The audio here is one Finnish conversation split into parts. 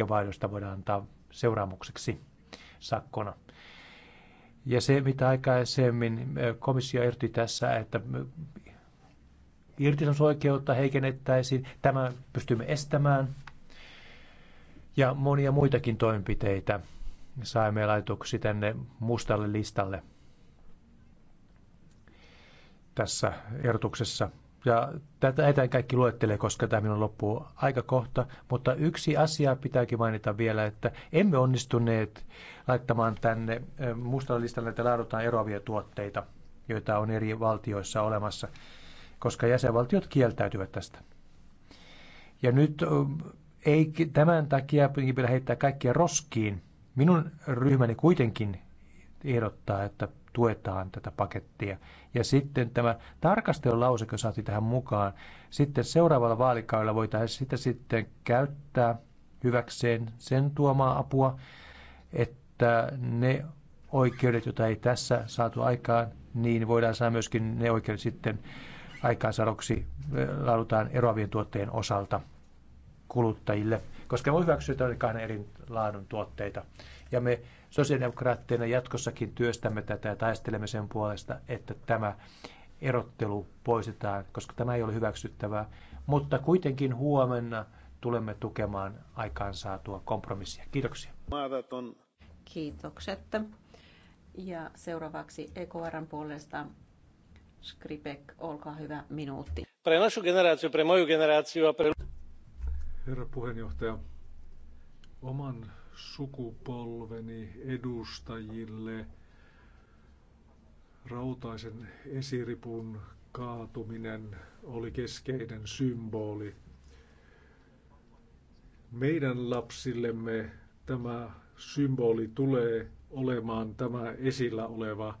ja vaihdosta voidaan antaa seuraamukseksi sakkona. Ja se, mitä aikaisemmin komissio ehdotti tässä, että irtisanomisoikeutta heikennettäisiin, tämä pystymme estämään. Ja monia muitakin toimenpiteitä saimme laitoksi tänne mustalle listalle tässä ehdotuksessa. Ja tätä ei kaikki luettele, koska tämä minun loppuu aika kohta, mutta yksi asia pitääkin mainita vielä, että emme onnistuneet laittamaan tänne mustalla listalla näitä laadutaan eroavia tuotteita, joita on eri valtioissa olemassa, koska jäsenvaltiot kieltäytyvät tästä. Ja nyt ei tämän takia pidä heittää kaikkia roskiin. Minun ryhmäni kuitenkin ehdottaa, että tuetaan tätä pakettia. Ja sitten tämä tarkastelulauseke saatiin tähän mukaan. Sitten seuraavalla vaalikaudella voitaisiin sitä sitten käyttää hyväkseen sen tuomaa apua, että ne oikeudet, joita ei tässä saatu aikaan, niin voidaan saada myöskin ne oikeudet sitten aikaansaroksi laadutaan eroavien tuotteen osalta kuluttajille, koska me hyväksytään kahden eri laadun tuotteita. Ja me Sosiaalidemokraatteina jatkossakin työstämme tätä ja taistelemme sen puolesta, että tämä erottelu poistetaan, koska tämä ei ole hyväksyttävää. Mutta kuitenkin huomenna tulemme tukemaan aikaansaatua kompromissia. Kiitoksia. Kiitokset. Ja seuraavaksi EKRn puolesta Skripek, olkaa hyvä, minuutti. Pre našu generáciu, pre moju pre... Herra puheenjohtaja, oman sukupolveni edustajille rautaisen esiripun kaatuminen oli keskeinen symboli. Meidän lapsillemme tämä symboli tulee olemaan tämä esillä oleva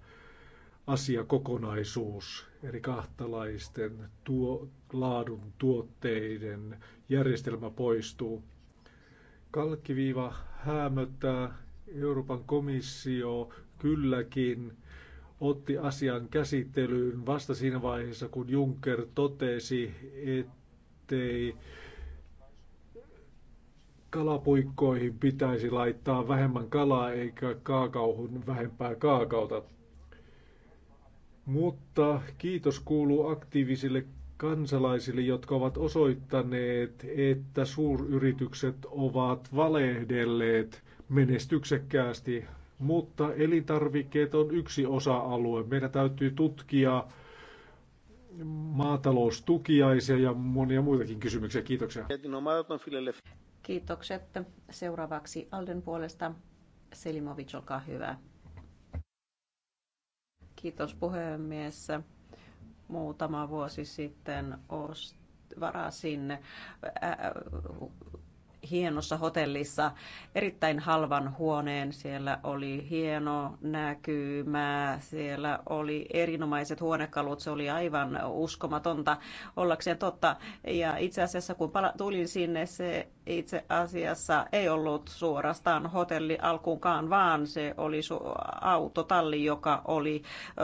asiakokonaisuus, eri kahtalaisten tuo, laadun tuotteiden järjestelmä poistuu. Kalkkiviiva hämöttää Euroopan komissio kylläkin otti asian käsittelyyn vasta siinä vaiheessa, kun Juncker totesi, ettei kalapuikkoihin pitäisi laittaa vähemmän kalaa eikä kaakauhun vähempää kaakauta. Mutta kiitos kuuluu aktiivisille kansalaisille, jotka ovat osoittaneet, että suuryritykset ovat valehdelleet menestyksekkäästi, mutta elintarvikkeet on yksi osa-alue. Meidän täytyy tutkia maataloustukiaisia ja monia muitakin kysymyksiä. Kiitoksia. Kiitokset. Seuraavaksi Alden puolesta Selimovic, olkaa hyvä. Kiitos puhemies. Muutama vuosi sitten ost- varasin äh, hienossa hotellissa erittäin halvan huoneen. Siellä oli hieno näkymä, siellä oli erinomaiset huonekalut, se oli aivan uskomatonta ollakseen totta. Ja itse asiassa kun tulin sinne, se itse asiassa ei ollut suorastaan hotelli alkuunkaan, vaan se oli autotalli, joka oli ö,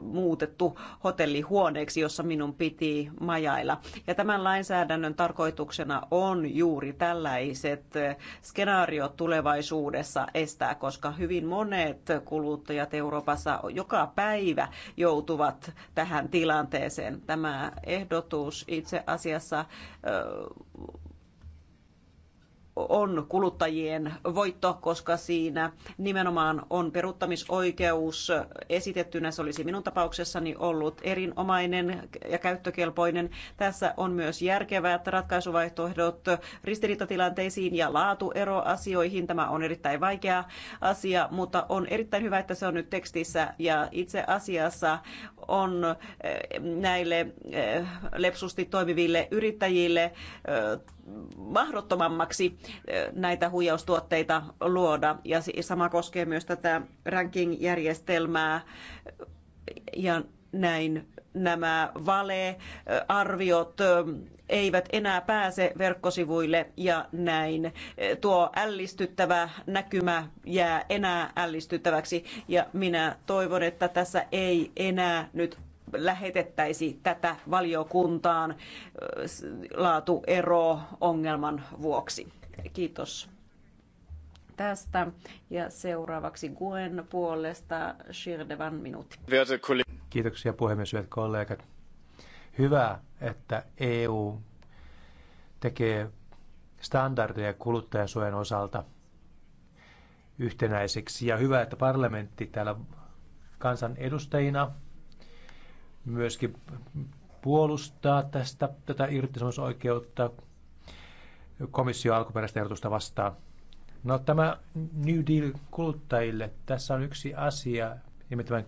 muutettu hotellihuoneeksi, jossa minun piti majailla. Ja tämän lainsäädännön tarkoituksena on juuri tällaiset skenaariot tulevaisuudessa estää, koska hyvin monet kuluttajat Euroopassa joka päivä joutuvat tähän tilanteeseen. Tämä ehdotus itse asiassa ö, on kuluttajien voitto, koska siinä nimenomaan on peruuttamisoikeus esitettynä. Se olisi minun tapauksessani ollut erinomainen ja käyttökelpoinen. Tässä on myös järkevät ratkaisuvaihtoehdot ristiriitatilanteisiin ja laatueroasioihin. Tämä on erittäin vaikea asia, mutta on erittäin hyvä, että se on nyt tekstissä ja itse asiassa on eh, näille eh, lepsusti toimiville yrittäjille eh, mahdottomammaksi näitä huijaustuotteita luoda. Ja sama koskee myös tätä ranking-järjestelmää ja näin nämä valearviot eivät enää pääse verkkosivuille ja näin tuo ällistyttävä näkymä jää enää ällistyttäväksi ja minä toivon, että tässä ei enää nyt lähetettäisi tätä valiokuntaan laatuero ongelman vuoksi. Kiitos tästä. Ja seuraavaksi Guen puolesta Shirdevan minuutti. Kiitoksia puhemies, hyvät kollegat. Hyvä, että EU tekee standardeja kuluttajasuojan osalta yhtenäiseksi Ja hyvä, että parlamentti täällä kansan edustajina myöskin puolustaa tästä, tätä irtisanomisoikeutta komissio alkuperäistä ehdotusta vastaan. No tämä New Deal kuluttajille, tässä on yksi asia, nimittäin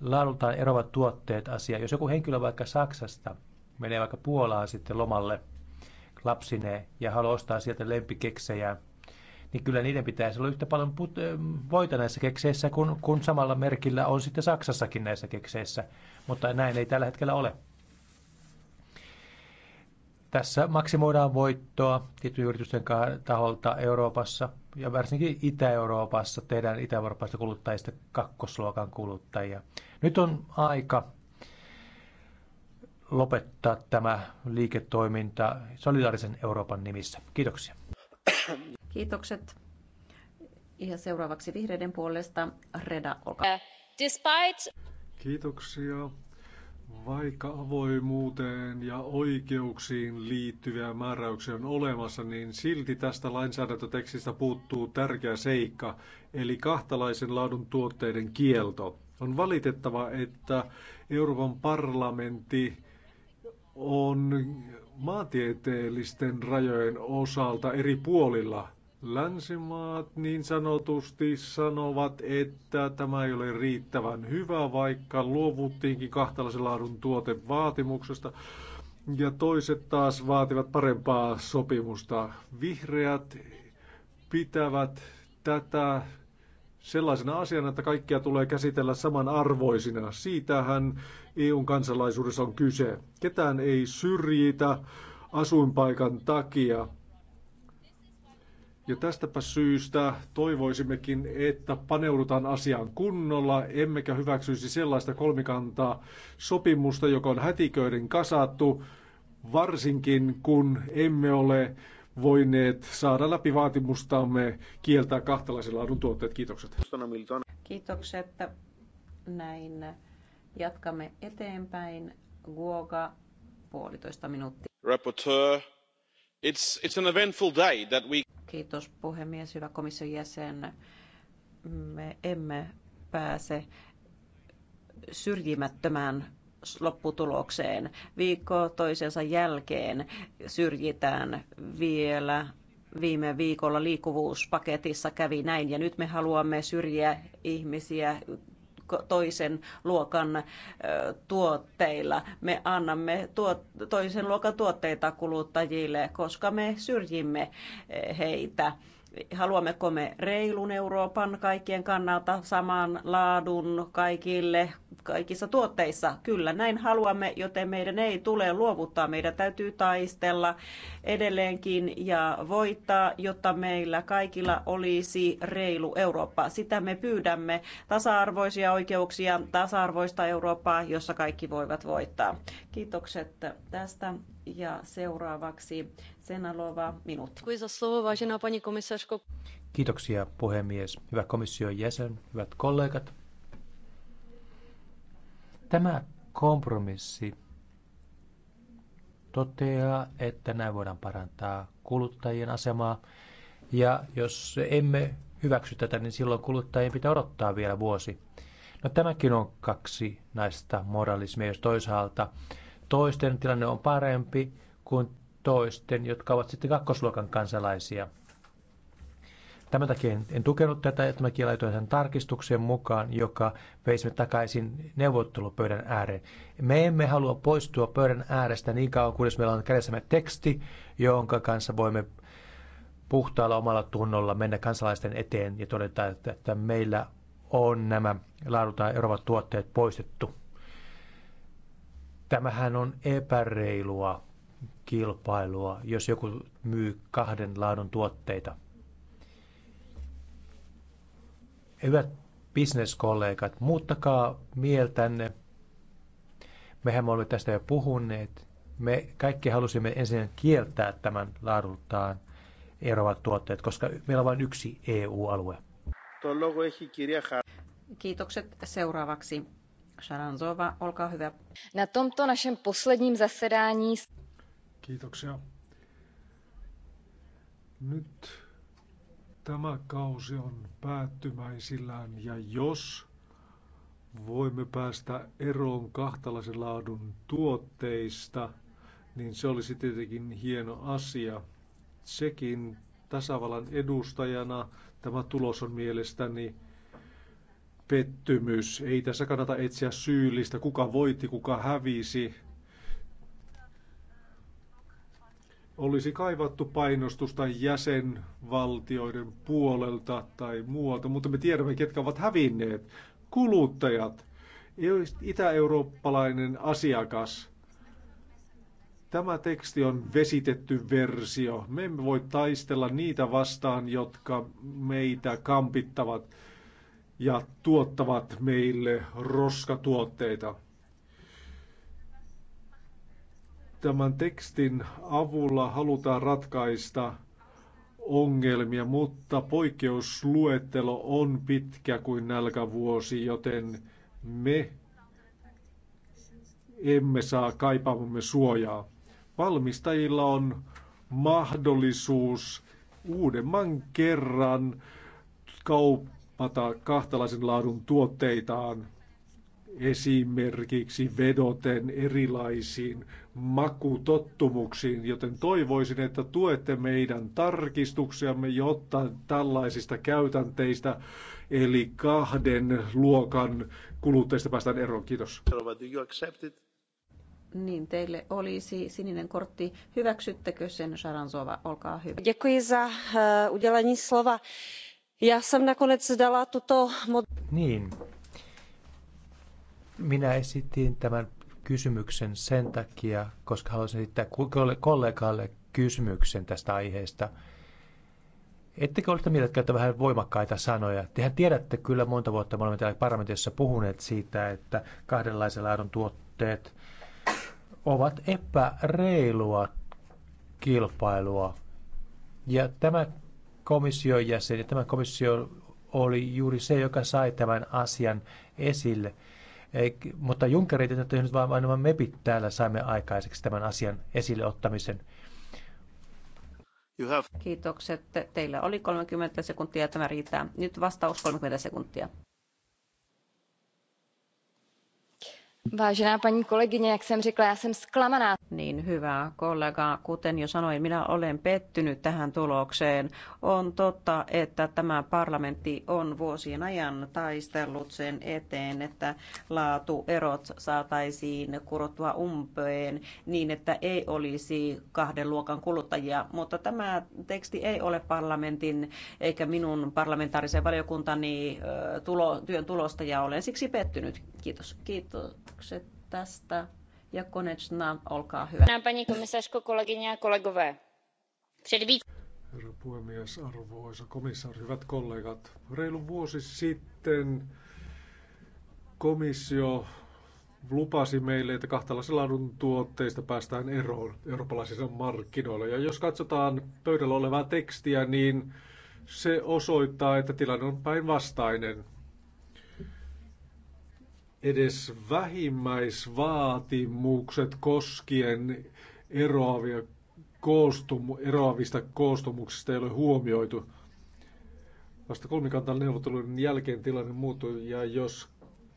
laadultaan erovat tuotteet asia. Jos joku henkilö vaikka Saksasta menee vaikka Puolaan sitten lomalle lapsineen ja haluaa ostaa sieltä lempikeksejä, niin kyllä niiden pitäisi olla yhtä paljon put- voita näissä kekseissä kun, kun samalla merkillä on sitten Saksassakin näissä kekseissä. Mutta näin ei tällä hetkellä ole. Tässä maksimoidaan voittoa tiettyjen yritysten taholta Euroopassa ja varsinkin Itä-Euroopassa tehdään itä-eurooppaista kuluttajista kakkosluokan kuluttajia. Nyt on aika lopettaa tämä liiketoiminta solidaarisen Euroopan nimissä. Kiitoksia. Kiitokset. Ja seuraavaksi vihreiden puolesta Reda, olkaa. Despite... Kiitoksia. Vaikka avoimuuteen ja oikeuksiin liittyviä määräyksiä on olemassa, niin silti tästä lainsäädäntötekstistä puuttuu tärkeä seikka, eli kahtalaisen laadun tuotteiden kielto. On valitettava, että Euroopan parlamentti on maantieteellisten rajojen osalta eri puolilla Länsimaat niin sanotusti sanovat, että tämä ei ole riittävän hyvä, vaikka luovuttiinkin kahtalaisen laadun tuotevaatimuksesta. Ja toiset taas vaativat parempaa sopimusta. Vihreät pitävät tätä sellaisena asiana, että kaikkia tulee käsitellä samanarvoisina. Siitähän EUn kansalaisuudessa on kyse. Ketään ei syrjitä asuinpaikan takia. Ja tästäpä syystä toivoisimmekin, että paneudutaan asiaan kunnolla, emmekä hyväksyisi sellaista kolmikantaa sopimusta, joka on hätiköiden kasattu, varsinkin kun emme ole voineet saada läpi vaatimustamme kieltää kahtalaisen laadun tuotteet. Kiitokset. Kiitokset. Näin jatkamme eteenpäin. Guoga, puolitoista minuuttia. Rapporteur, it's, it's an eventful day that we... Kiitos puhemies, hyvä komission jäsen. Me emme pääse syrjimättömään lopputulokseen. Viikko toisensa jälkeen syrjitään vielä viime viikolla liikkuvuuspaketissa kävi näin ja nyt me haluamme syrjiä ihmisiä toisen luokan tuotteilla. Me annamme tuot, toisen luokan tuotteita kuluttajille, koska me syrjimme heitä haluammeko me reilun Euroopan kaikkien kannalta saman laadun kaikille kaikissa tuotteissa? Kyllä, näin haluamme, joten meidän ei tule luovuttaa. Meidän täytyy taistella edelleenkin ja voittaa, jotta meillä kaikilla olisi reilu Eurooppa. Sitä me pyydämme. Tasa-arvoisia oikeuksia, tasa-arvoista Eurooppaa, jossa kaikki voivat voittaa. Kiitokset tästä. Ja seuraavaksi Senalova minuutti. Kiitoksia puhemies, hyvä komission jäsen, hyvät kollegat. Tämä kompromissi toteaa, että näin voidaan parantaa kuluttajien asemaa. Ja jos emme hyväksy tätä, niin silloin kuluttajien pitää odottaa vielä vuosi. No tämäkin on kaksi naista moralismia, jos toisaalta Toisten tilanne on parempi kuin toisten, jotka ovat sitten kakkosluokan kansalaisia. Tämän takia en, en tukenut tätä että mä laitoin sen tarkistuksen mukaan, joka veisi takaisin neuvottelupöydän ääreen. Me emme halua poistua pöydän äärestä niin kauan, kunnes meillä on kädessämme teksti, jonka kanssa voimme puhtaalla omalla tunnolla mennä kansalaisten eteen ja todeta, että, että meillä on nämä laadutaan erovat tuotteet poistettu. Tämähän on epäreilua kilpailua, jos joku myy kahden laadun tuotteita. Hyvät bisneskollegat, muuttakaa mieltänne. Mehän me olemme tästä jo puhuneet. Me kaikki halusimme ensin kieltää tämän laadultaan eroavat tuotteet, koska meillä on vain yksi EU-alue. Kiitokset seuraavaksi olkaa hyvä. Na tomto našem posledním zasedání... Kiitoksia. Nyt tämä kausi on päättymäisillään ja jos voimme päästä eroon kahtalaisen laadun tuotteista, niin se olisi tietenkin hieno asia. Sekin tasavallan edustajana tämä tulos on mielestäni pettymys. Ei tässä kannata etsiä syyllistä, kuka voitti, kuka hävisi. Olisi kaivattu painostusta jäsenvaltioiden puolelta tai muualta, mutta me tiedämme, ketkä ovat hävinneet. Kuluttajat, itä-eurooppalainen asiakas. Tämä teksti on vesitetty versio. Me emme voi taistella niitä vastaan, jotka meitä kampittavat ja tuottavat meille roskatuotteita. Tämän tekstin avulla halutaan ratkaista ongelmia, mutta poikkeusluettelo on pitkä kuin nälkävuosi, joten me emme saa kaipaamamme suojaa. Valmistajilla on mahdollisuus uudemman kerran kauppaa mata kahtalaisen laadun tuotteitaan, esimerkiksi vedoten erilaisiin makutottumuksiin, joten toivoisin, että tuette meidän tarkistuksiamme, jotta tällaisista käytänteistä eli kahden luokan kuluttajista päästään eroon. Kiitos. Niin, teille olisi sininen kortti. Hyväksyttekö sen, Sharansova? Olkaa hyvä. Děkuji za eh, udělení slova. Já jsem nakonec dala tuto... Niin. Minä esitin tämän kysymyksen sen takia, koska haluaisin esittää kollegalle kysymyksen tästä aiheesta. Ettekö ole mieltä käyttää vähän voimakkaita sanoja? Tehän tiedätte kyllä monta vuotta, me olemme täällä parlamentissa puhuneet siitä, että kahdenlaisen laadun tuotteet ovat epäreilua kilpailua. Ja tämä komission jäsen, ja tämä komissio oli juuri se, joka sai tämän asian esille. Ei, mutta Juncker ei tehnyt, vaan vain nämä MEPit täällä saimme aikaiseksi tämän asian esille ottamisen. You have... Kiitokset. Teillä oli 30 sekuntia, tämä riittää. Nyt vastaus 30 sekuntia. Vážená paní kolegyně, jak jsem řekla, já jsem zklamaná. Niin hyvä kollega, kuten jo sanoin, minä olen pettynyt tähän tulokseen. On totta, että tämä parlamentti on vuosien ajan taistellut sen eteen, että laatuerot saataisiin kurottua umpeen niin, että ei olisi kahden luokan kuluttajia. Mutta tämä teksti ei ole parlamentin eikä minun parlamentaarisen valiokuntani tulo, työn tulosta ja olen siksi pettynyt. Kiitos. Kiitos kiitokset tästä. Ja Konechna, olkaa hyvä. Pani ja kollegove. Herra puhemies, arvoisa komissaari, hyvät kollegat. Reilu vuosi sitten komissio lupasi meille, että kahtalaisen laadun tuotteista päästään eroon eurooppalaisilla markkinoilla. Ja jos katsotaan pöydällä olevaa tekstiä, niin se osoittaa, että tilanne on päinvastainen edes vähimmäisvaatimukset koskien eroavia koostum, eroavista koostumuksista ei ole huomioitu. Vasta kolmikantan neuvotteluiden jälkeen tilanne muuttui ja jos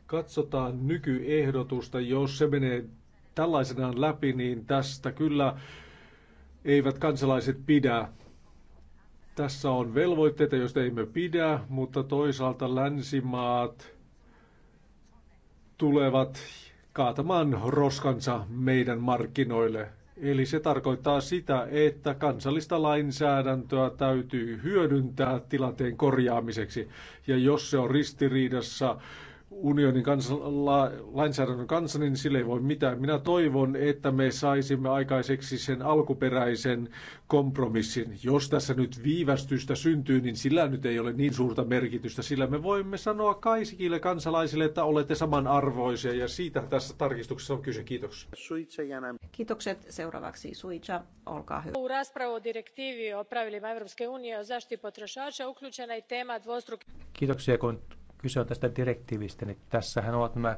katsotaan nykyehdotusta, jos se menee tällaisenaan läpi, niin tästä kyllä eivät kansalaiset pidä. Tässä on velvoitteita, joista emme pidä, mutta toisaalta länsimaat – tulevat kaatamaan roskansa meidän markkinoille. Eli se tarkoittaa sitä, että kansallista lainsäädäntöä täytyy hyödyntää tilanteen korjaamiseksi. Ja jos se on ristiriidassa unionin kanssa la, lainsäädännön kanssa, niin sille ei voi mitään. Minä toivon, että me saisimme aikaiseksi sen alkuperäisen kompromissin. Jos tässä nyt viivästystä syntyy, niin sillä nyt ei ole niin suurta merkitystä, sillä me voimme sanoa kaikille kansalaisille, että olette samanarvoisia, ja siitä tässä tarkistuksessa on kyse. Kiitos. Kiitokset. Seuraavaksi Suitsa, olkaa hyvä. direktiivi o pravilima Euroopan unije o zaštiti potrošača uključena i tema dvostruke... Kiitoksia, kun kyse on tästä direktiivistä, niin tässähän ovat nämä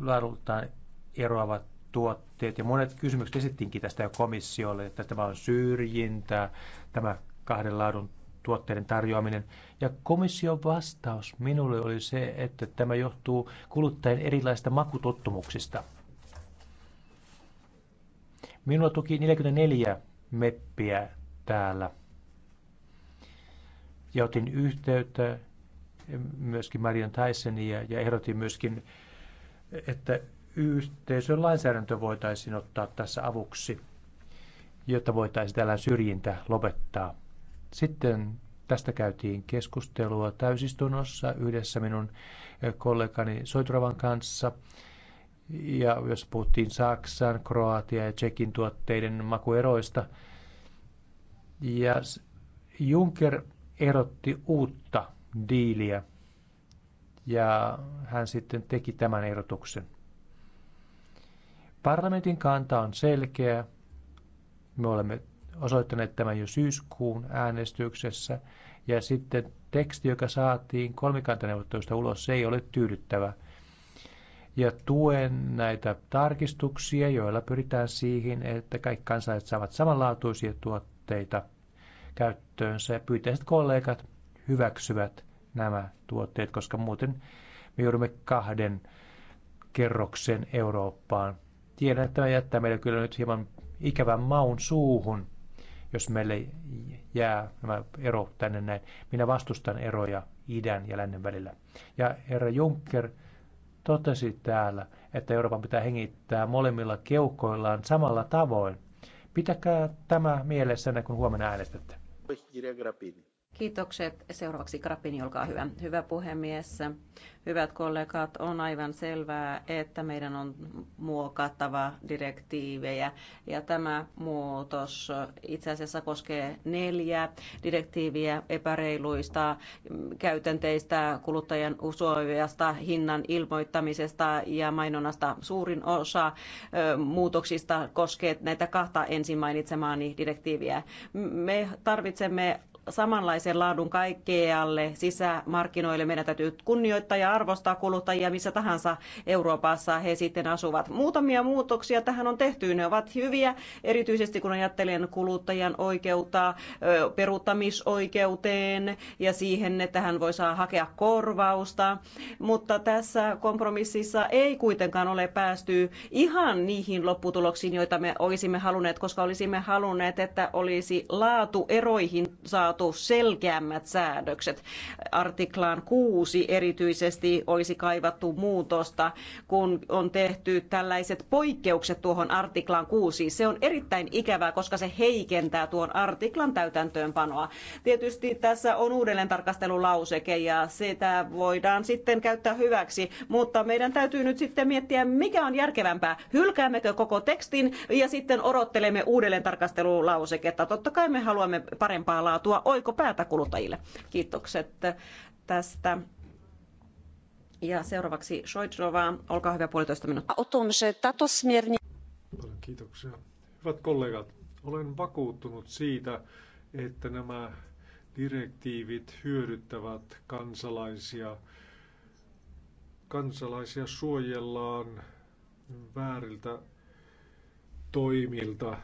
laadultaan eroavat tuotteet. Ja monet kysymykset esittiinkin tästä jo komissiolle, että tämä on syrjintää, tämä kahden laadun tuotteiden tarjoaminen. Ja komission vastaus minulle oli se, että tämä johtuu kuluttajien erilaisista makutottumuksista. Minua tuki 44 meppiä täällä. Ja otin yhteyttä myöskin Marian Tysonia ja ehdotin myöskin, että yhteisön lainsäädäntö voitaisiin ottaa tässä avuksi, jotta voitaisiin tällä syrjintä lopettaa. Sitten tästä käytiin keskustelua täysistunnossa yhdessä minun kollegani Soituravan kanssa. Ja jos puhuttiin Saksan, Kroatia ja Tsekin tuotteiden makueroista. Ja Juncker erotti uutta diiliä ja hän sitten teki tämän erotuksen. Parlamentin kanta on selkeä. Me olemme osoittaneet tämän jo syyskuun äänestyksessä. Ja sitten teksti, joka saatiin kolmikantaneuvottelusta ulos, se ei ole tyydyttävä. Ja tuen näitä tarkistuksia, joilla pyritään siihen, että kaikki kansalaiset saavat samanlaatuisia tuotteita käyttöönsä. Ja pyytäisit kollegat hyväksyvät nämä tuotteet, koska muuten me joudumme kahden kerroksen Eurooppaan. Tiedän, että tämä jättää meille kyllä nyt hieman ikävän maun suuhun, jos meille jää nämä ero tänne näin. Minä vastustan eroja idän ja lännen välillä. Ja herra Juncker totesi täällä, että Euroopan pitää hengittää molemmilla keuhkoillaan samalla tavoin. Pitäkää tämä mielessänne, kun huomenna äänestätte. Grappini. Kiitokset. Seuraavaksi Krapini, olkaa hyvä. Hyvä puhemies. Hyvät kollegat, on aivan selvää, että meidän on muokattava direktiivejä. Ja tämä muutos itse asiassa koskee neljä direktiiviä epäreiluista käytänteistä, kuluttajan usuojasta, hinnan ilmoittamisesta ja mainonnasta. Suurin osa muutoksista koskee näitä kahta ensin mainitsemaani direktiiviä. Me tarvitsemme samanlaisen laadun kaikkealle sisämarkkinoille. Meidän täytyy kunnioittaa ja arvostaa kuluttajia missä tahansa Euroopassa he sitten asuvat. Muutamia muutoksia tähän on tehty. Ne ovat hyviä, erityisesti kun ajattelen kuluttajan oikeutta peruuttamisoikeuteen ja siihen, että hän voi saa hakea korvausta. Mutta tässä kompromississa ei kuitenkaan ole päästy ihan niihin lopputuloksiin, joita me olisimme halunneet, koska olisimme halunneet, että olisi laatu eroihin saatu saatu selkeämmät säädökset. Artiklaan 6 erityisesti olisi kaivattu muutosta, kun on tehty tällaiset poikkeukset tuohon artiklaan 6. Se on erittäin ikävää, koska se heikentää tuon artiklan täytäntöönpanoa. Tietysti tässä on uudelleen tarkastelulauseke ja sitä voidaan sitten käyttää hyväksi, mutta meidän täytyy nyt sitten miettiä, mikä on järkevämpää. Hylkäämmekö koko tekstin ja sitten odottelemme uudelleen tarkastelulauseketta. Totta kai me haluamme parempaa laatua oiko päätä kuluttajille. Kiitokset tästä. Ja seuraavaksi Shoidrova, olkaa hyvä puolitoista minuuttia. Paljon kiitoksia. Hyvät kollegat, olen vakuuttunut siitä, että nämä direktiivit hyödyttävät kansalaisia. Kansalaisia suojellaan vääriltä toimilta –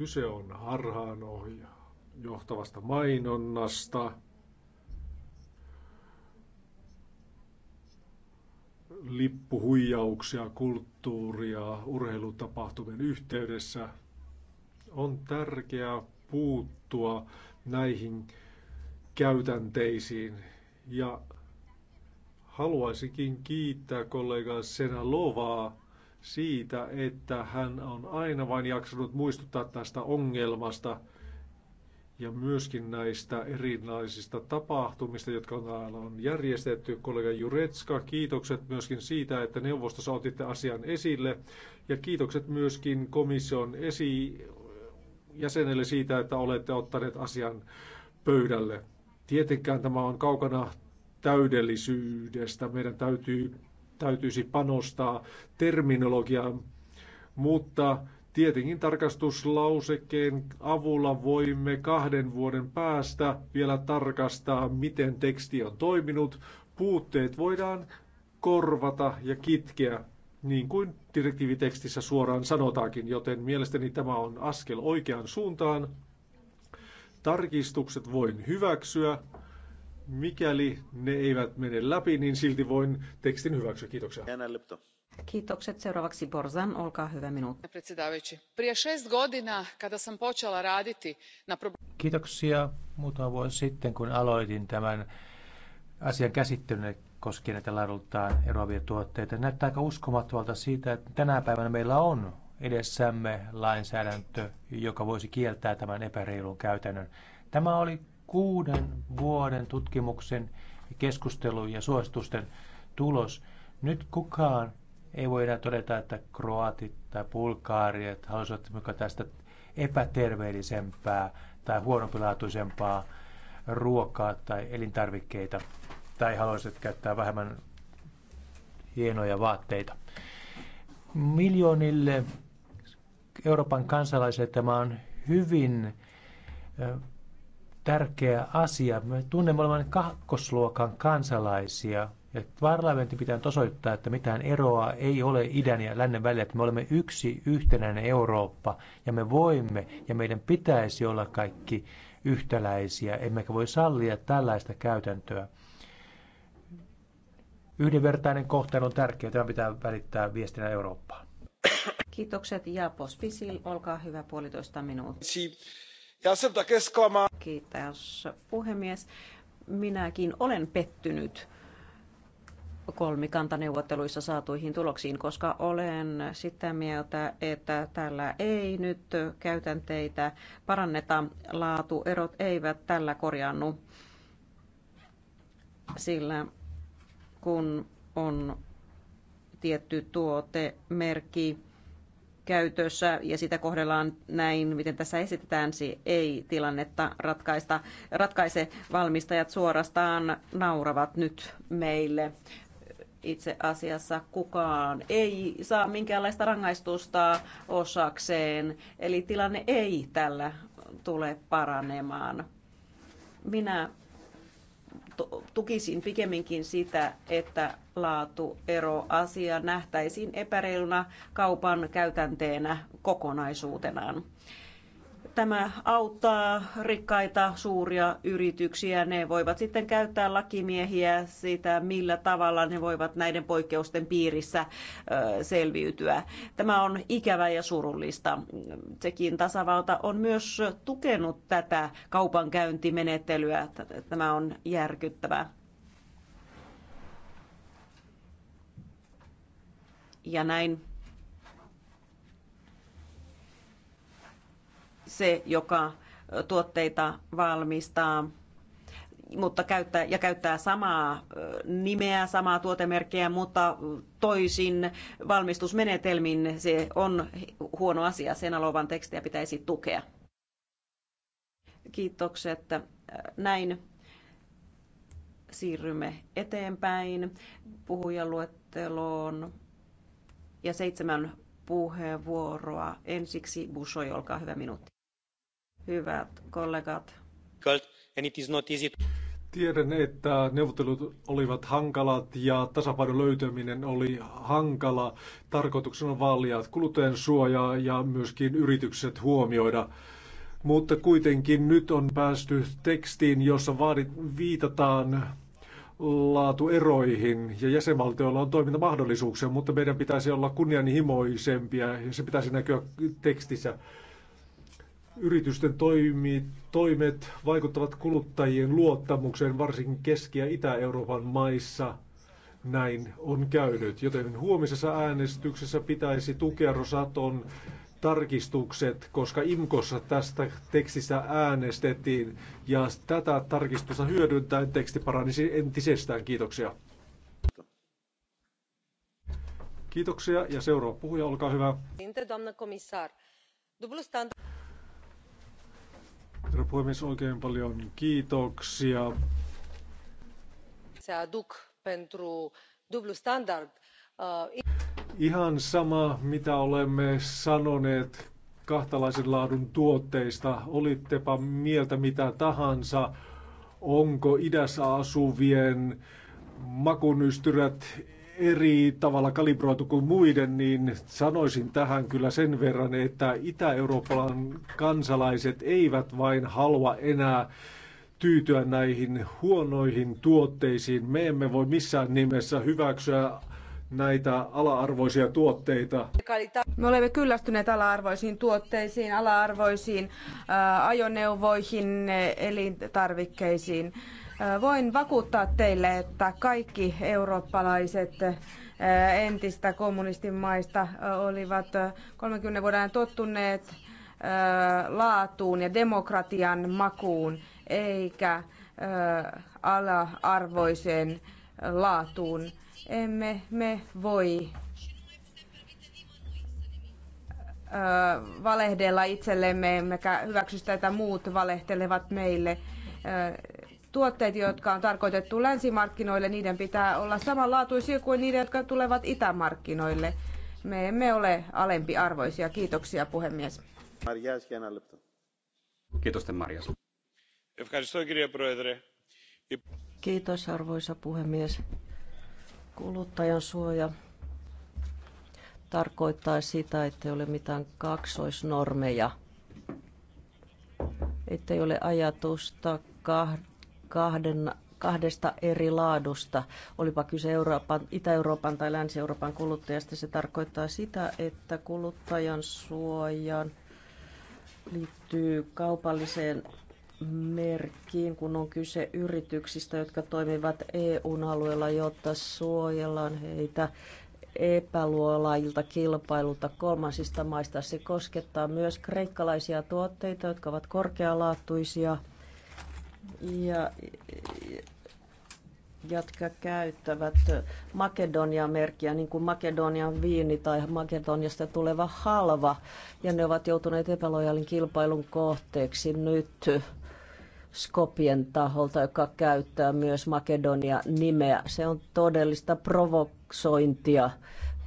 Kyse on harhaan johtavasta mainonnasta, lippuhuijauksia, kulttuuria urheilutapahtumien yhteydessä. On tärkeää puuttua näihin käytänteisiin ja haluaisinkin kiittää kollega Sena Lovaa siitä, että hän on aina vain jaksanut muistuttaa tästä ongelmasta ja myöskin näistä erinäisistä tapahtumista, jotka täällä on järjestetty. Kollega Juretska, kiitokset myöskin siitä, että neuvostossa otitte asian esille ja kiitokset myöskin komission esi jäsenelle siitä, että olette ottaneet asian pöydälle. Tietenkään tämä on kaukana täydellisyydestä. Meidän täytyy täytyisi panostaa terminologiaan, mutta tietenkin tarkastuslausekkeen avulla voimme kahden vuoden päästä vielä tarkastaa, miten teksti on toiminut. Puutteet voidaan korvata ja kitkeä, niin kuin direktiivitekstissä suoraan sanotaankin, joten mielestäni tämä on askel oikeaan suuntaan. Tarkistukset voin hyväksyä Mikäli ne eivät mene läpi, niin silti voin tekstin hyväksyä. Kiitoksia. Kiitokset. Seuraavaksi Borzan, olkaa hyvä minuutti. godina, kada sam počela raditi na Kiitoksia. Muutama vuosi sitten, kun aloitin tämän asian käsittelyn koskien näitä laadultaan eroavia tuotteita, näyttää aika uskomattomalta siitä, että tänä päivänä meillä on edessämme lainsäädäntö, joka voisi kieltää tämän epäreilun käytännön. Tämä oli kuuden vuoden tutkimuksen, keskustelun ja suositusten tulos. Nyt kukaan ei voi enää todeta, että kroatit tai bulgaariat halusivat mikä tästä epäterveellisempää tai huonompilaatuisempaa ruokaa tai elintarvikkeita tai haluaisit käyttää vähemmän hienoja vaatteita. Miljoonille Euroopan kansalaisille tämä on hyvin tärkeä asia. Me tunnemme olevan kakkosluokan kansalaisia. Ja parlamentti pitää osoittaa, että mitään eroa ei ole idän ja lännen välillä, että me olemme yksi yhtenäinen Eurooppa ja me voimme ja meidän pitäisi olla kaikki yhtäläisiä, emmekä voi sallia tällaista käytäntöä. Yhdenvertainen kohtelu on tärkeä, tämä pitää välittää viestinä Eurooppaan. Kiitokset ja Pospisil, olkaa hyvä puolitoista minuuttia. Já jsem také zklamán. Kiitos puhemies. Minäkin olen pettynyt kolmikantaneuvotteluissa saatuihin tuloksiin, koska olen sitä mieltä, että tällä ei nyt käytänteitä paranneta. Laatuerot eivät tällä korjannu, sillä kun on tietty tuotemerkki, käytössä ja sitä kohdellaan näin, miten tässä esitetään, se ei tilannetta ratkaista, ratkaise. Valmistajat suorastaan nauravat nyt meille itse asiassa kukaan ei saa minkäänlaista rangaistusta osakseen, eli tilanne ei tällä tule paranemaan. Minä tukisin pikemminkin sitä, että laatueroasia nähtäisiin epäreiluna kaupan käytänteenä kokonaisuutenaan. Tämä auttaa rikkaita suuria yrityksiä. Ne voivat sitten käyttää lakimiehiä siitä, millä tavalla ne voivat näiden poikkeusten piirissä selviytyä. Tämä on ikävä ja surullista. Tsekin tasavalta on myös tukenut tätä kaupankäyntimenettelyä. Tämä on järkyttävää. Ja näin se, joka tuotteita valmistaa mutta käyttää, ja käyttää samaa nimeä, samaa tuotemerkkiä, mutta toisin valmistusmenetelmin se on huono asia. Sen alovan tekstiä pitäisi tukea. Kiitokset. Näin siirrymme eteenpäin puhujaluetteloon. Ja seitsemän puheenvuoroa. Ensiksi Bushoi, olkaa hyvä minuutti. Hyvät kollegat. And it is not easy. Tiedän, että neuvottelut olivat hankalat ja tasapainon löytäminen oli hankala. Tarkoituksena on vaalia kuluttajan suojaa ja myöskin yritykset huomioida. Mutta kuitenkin nyt on päästy tekstiin, jossa vaadit, viitataan laatueroihin ja jäsenvaltioilla on toimintamahdollisuuksia, mutta meidän pitäisi olla kunnianhimoisempia ja se pitäisi näkyä tekstissä. Yritysten toimi, toimet vaikuttavat kuluttajien luottamukseen, varsinkin Keski- ja Itä-Euroopan maissa näin on käynyt. Joten huomisessa äänestyksessä pitäisi tukea Rosaton tarkistukset, koska IMKOssa tästä tekstistä äänestettiin ja tätä tarkistusta hyödyntäen teksti paranisi entisestään. Kiitoksia. Kiitoksia ja seuraava puhuja, olkaa hyvä. Herra puhemies, oikein paljon kiitoksia. Se aduc pentru dublu standard. Uh, Ihan sama, mitä olemme sanoneet kahtalaisen laadun tuotteista, olittepa mieltä mitä tahansa, onko idässä asuvien makunystyrät eri tavalla kalibroitu kuin muiden, niin sanoisin tähän kyllä sen verran, että itä-euroopan kansalaiset eivät vain halua enää tyytyä näihin huonoihin tuotteisiin. Me emme voi missään nimessä hyväksyä näitä ala-arvoisia tuotteita. Me olemme kyllästyneet ala-arvoisiin tuotteisiin, ala-arvoisiin ajoneuvoihin, elintarvikkeisiin. Voin vakuuttaa teille, että kaikki eurooppalaiset entistä kommunistimaista olivat 30 vuoden tottuneet laatuun ja demokratian makuun, eikä ala-arvoiseen laatuun. Emme me voi valehdella itsellemme, emmekä hyväksy sitä, että muut valehtelevat meille tuotteet, jotka on tarkoitettu länsimarkkinoille, niiden pitää olla samanlaatuisia kuin niiden, jotka tulevat itämarkkinoille. Me emme ole alempiarvoisia. Kiitoksia puhemies. Kiitos, Marjas. Kiitos, arvoisa puhemies. Kuluttajan suoja tarkoittaa sitä, että ei ole mitään kaksoisnormeja, ettei ole ajatusta kahden, kahdesta eri laadusta. Olipa kyse Euroopan, Itä-Euroopan tai Länsi-Euroopan kuluttajasta, se tarkoittaa sitä, että kuluttajan suojaan liittyy kaupalliseen merkkiin, kun on kyse yrityksistä, jotka toimivat EU-alueella, jotta suojellaan heitä epäluolailta kilpailulta kolmansista maista. Se koskettaa myös kreikkalaisia tuotteita, jotka ovat korkealaatuisia – ja, jotka käyttävät Makedonia-merkkiä, niin kuin Makedonian viini tai Makedoniasta tuleva halva, ja ne ovat joutuneet epälojaalin kilpailun kohteeksi nyt Skopien taholta, joka käyttää myös Makedonia-nimeä. Se on todellista provoksointia,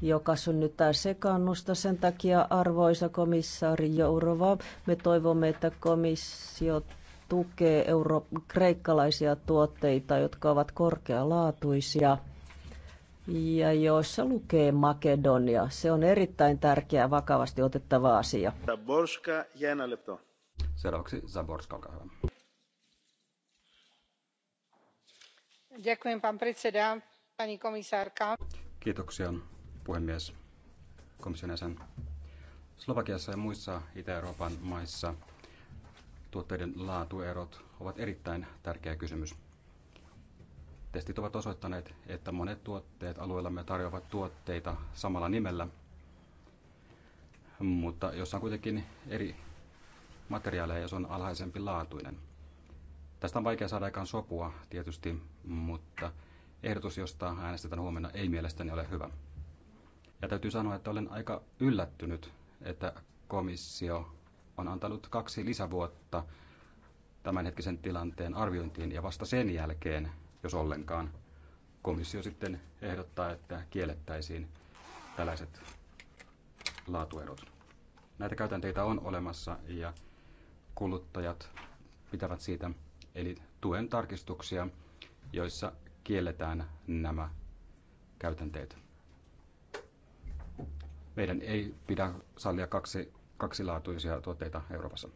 joka synnyttää sekannusta. Sen takia, arvoisa komissaari Jourova, me toivomme, että komissio tukee euro- kreikkalaisia tuotteita, jotka ovat korkealaatuisia ja joissa lukee Makedonia. Se on erittäin tärkeä, vakavasti otettava asia. Zaborska, jäänä lepto. Seuraavaksi Zaborska, olkaa hyvä. Kiitoksia, puhemies, komission jäsen. Slovakiassa ja muissa Itä-Euroopan maissa – tuotteiden laatuerot ovat erittäin tärkeä kysymys. Testit ovat osoittaneet, että monet tuotteet alueellamme tarjoavat tuotteita samalla nimellä, mutta jossa on kuitenkin eri materiaaleja ja se on alhaisempi laatuinen. Tästä on vaikea saada aikaan sopua tietysti, mutta ehdotus, josta äänestetään huomenna, ei mielestäni ole hyvä. Ja täytyy sanoa, että olen aika yllättynyt, että komissio on antanut kaksi lisävuotta tämänhetkisen tilanteen arviointiin ja vasta sen jälkeen, jos ollenkaan, komissio sitten ehdottaa, että kiellettäisiin tällaiset laatuerot. Näitä käytänteitä on olemassa ja kuluttajat pitävät siitä, eli tuen tarkistuksia, joissa kielletään nämä käytänteet. Meidän ei pidä sallia kaksi kaksilaatuisia tuotteita Euroopassa.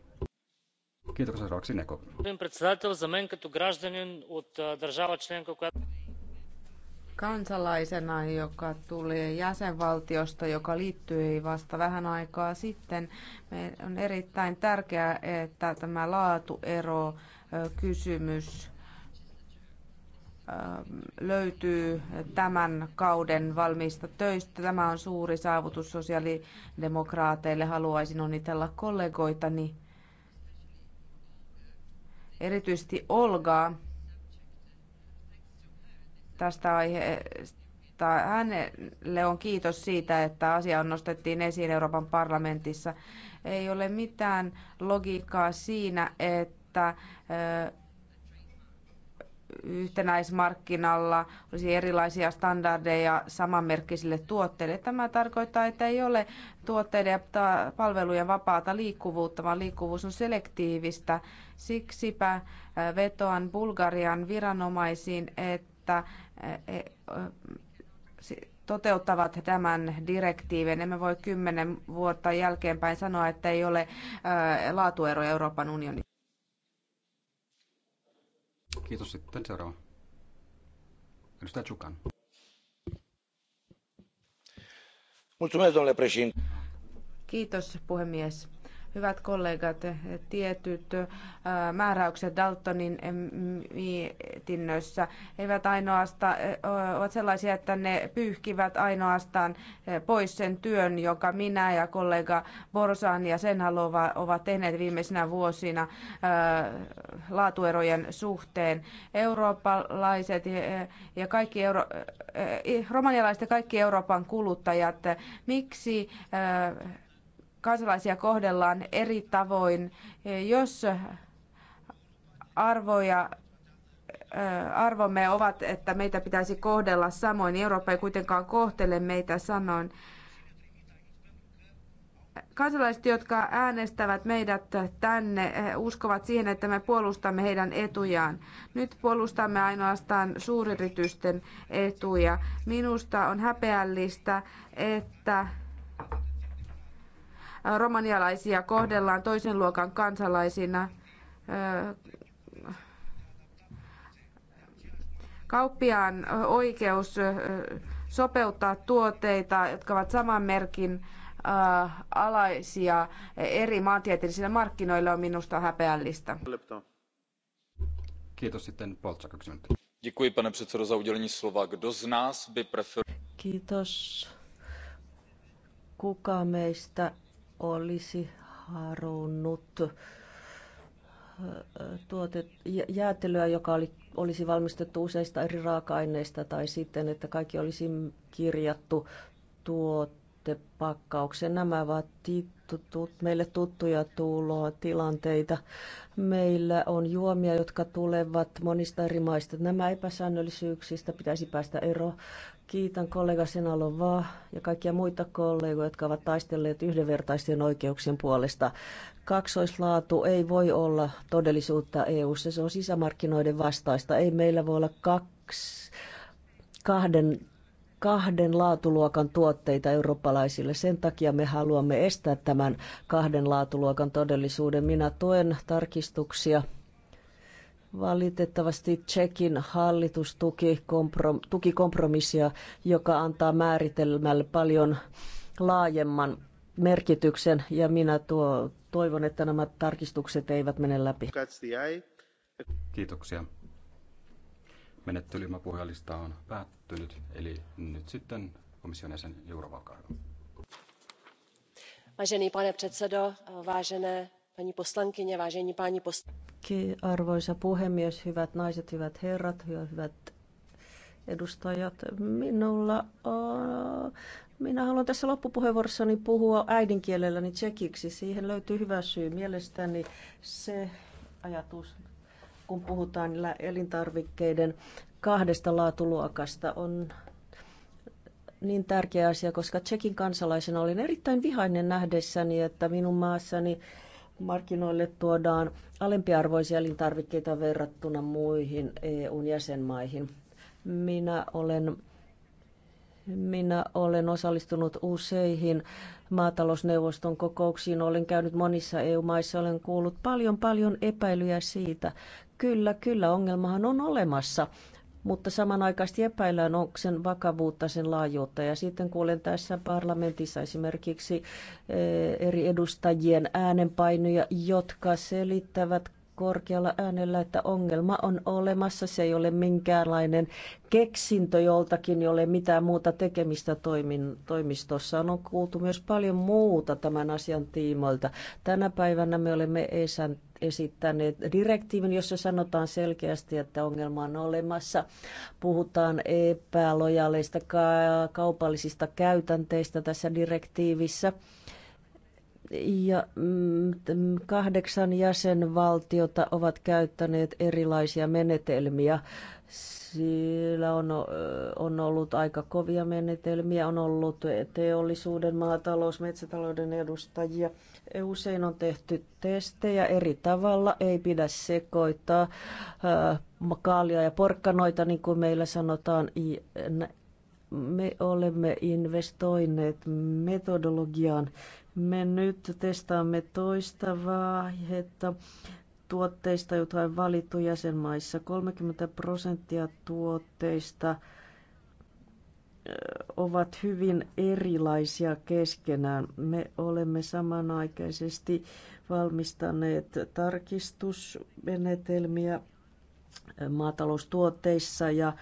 Kiitoksia seuraavaksi Neko. Kansalaisena, joka tuli jäsenvaltiosta, joka liittyi vasta vähän aikaa sitten, on erittäin tärkeää, että tämä laatuero kysymys löytyy tämän kauden valmiista töistä. Tämä on suuri saavutus sosiaalidemokraateille. Haluaisin onnitella kollegoitani, erityisesti Olgaa, tästä aiheesta. Hänelle on kiitos siitä, että asia on nostettiin esiin Euroopan parlamentissa. Ei ole mitään logiikkaa siinä, että että yhtenäismarkkinalla olisi erilaisia standardeja samanmerkkisille tuotteille. Tämä tarkoittaa, että ei ole tuotteiden ja palvelujen vapaata liikkuvuutta, vaan liikkuvuus on selektiivistä. Siksipä äh, vetoan Bulgarian viranomaisiin, että äh, e, äh, toteuttavat tämän direktiivin. Emme voi kymmenen vuotta jälkeenpäin sanoa, että ei ole laatueroja Euroopan unionissa. Kiitos sitten seuraava. Edustaja Chukan. Kiitos puhemies. Hyvät kollegat, tietyt äh, määräykset Daltonin mietinnössä eivät ainoastaan ovat sellaisia, että ne pyyhkivät ainoastaan pois sen työn, joka minä ja kollega Borsan ja Senhalova ovat tehneet viimeisinä vuosina laatuerojen suhteen. Eurooppalaiset ja kaikki euro, romanialaiset ja kaikki Euroopan kuluttajat, miksi kansalaisia kohdellaan eri tavoin. Jos arvoja arvomme ovat, että meitä pitäisi kohdella samoin. Niin Eurooppa ei kuitenkaan kohtele meitä sanoin. Kansalaiset, jotka äänestävät meidät tänne, uskovat siihen, että me puolustamme heidän etujaan. Nyt puolustamme ainoastaan suuryritysten etuja. Minusta on häpeällistä, että romanialaisia kohdellaan toisen luokan kansalaisina. Kauppiaan oikeus sopeuttaa tuotteita, jotka ovat saman merkin alaisia eri maantieteellisillä markkinoilla on minusta häpeällistä. Kiitos sitten Poltsa, kaksi Děkuji, pane předsedo, za udělení slova. Kdo z nás by preferoval. Kiitos. Kuka meistä olisi harunnut tuote, jäätelöä, joka oli, olisi valmistettu useista eri raaka-aineista tai sitten, että kaikki olisi kirjattu tuotepakkauksen. Nämä ovat meille tuttuja tuloa tilanteita. Meillä on juomia, jotka tulevat monista eri maista. Nämä epäsäännöllisyyksistä pitäisi päästä eroon. Kiitän kollega Senalovaa ja kaikkia muita kollegoja, jotka ovat taistelleet yhdenvertaisten oikeuksien puolesta. Kaksoislaatu ei voi olla todellisuutta EU:ssa, se on sisämarkkinoiden vastaista. Ei meillä voi olla kaksi, kahden kahden laatuluokan tuotteita eurooppalaisille. Sen takia me haluamme estää tämän kahden laatuluokan todellisuuden. Minä tuen tarkistuksia Valitettavasti Tsekin hallitus tuki, komprom, tuki kompromissia, joka antaa määritelmälle paljon laajemman merkityksen ja minä tuo, toivon, että nämä tarkistukset eivät mene läpi. Kiitoksia. Menettelymä on päättynyt, eli nyt sitten komission jäsen Jourova, olkaa hyvä. Vážený pane předsedo, vážené Arvoisa puhemies, hyvät naiset, hyvät herrat ja hyvät edustajat. Minulla on, minä haluan tässä loppupuheenvuorossani puhua äidinkielelläni tsekiksi. Siihen löytyy hyvä syy. Mielestäni se ajatus, kun puhutaan elintarvikkeiden kahdesta laatuluokasta, on niin tärkeä asia, koska tsekin kansalaisena olin erittäin vihainen nähdessäni, että minun maassani – markkinoille tuodaan alempiarvoisia elintarvikkeita verrattuna muihin EUn jäsenmaihin. Minä olen, minä olen osallistunut useihin maatalousneuvoston kokouksiin, olen käynyt monissa EU-maissa, olen kuullut paljon paljon epäilyjä siitä. Kyllä, kyllä, ongelmahan on olemassa mutta samanaikaisesti epäillään onko sen vakavuutta, sen laajuutta. Ja sitten kuulen tässä parlamentissa esimerkiksi eh, eri edustajien äänenpainoja, jotka selittävät korkealla äänellä, että ongelma on olemassa. Se ei ole minkäänlainen keksintö joltakin, jolle mitään muuta tekemistä toimin, toimistossa. On kuultu myös paljon muuta tämän asian tiimoilta. Tänä päivänä me olemme esän, esittäneet direktiivin, jossa sanotaan selkeästi, että ongelma on olemassa. Puhutaan epälojaaleista kaupallisista käytänteistä tässä direktiivissä ja mm, kahdeksan jäsenvaltiota ovat käyttäneet erilaisia menetelmiä. Siellä on, on ollut aika kovia menetelmiä, on ollut teollisuuden, maatalous, metsätalouden edustajia. Usein on tehty testejä eri tavalla, ei pidä sekoittaa kaalia ja porkkanoita, niin kuin meillä sanotaan me olemme investoineet metodologiaan, me nyt testaamme toista vaihetta tuotteista, joita on valittu jäsenmaissa. 30 prosenttia tuotteista ovat hyvin erilaisia keskenään. Me olemme samanaikaisesti valmistaneet tarkistusmenetelmiä maataloustuotteissa ja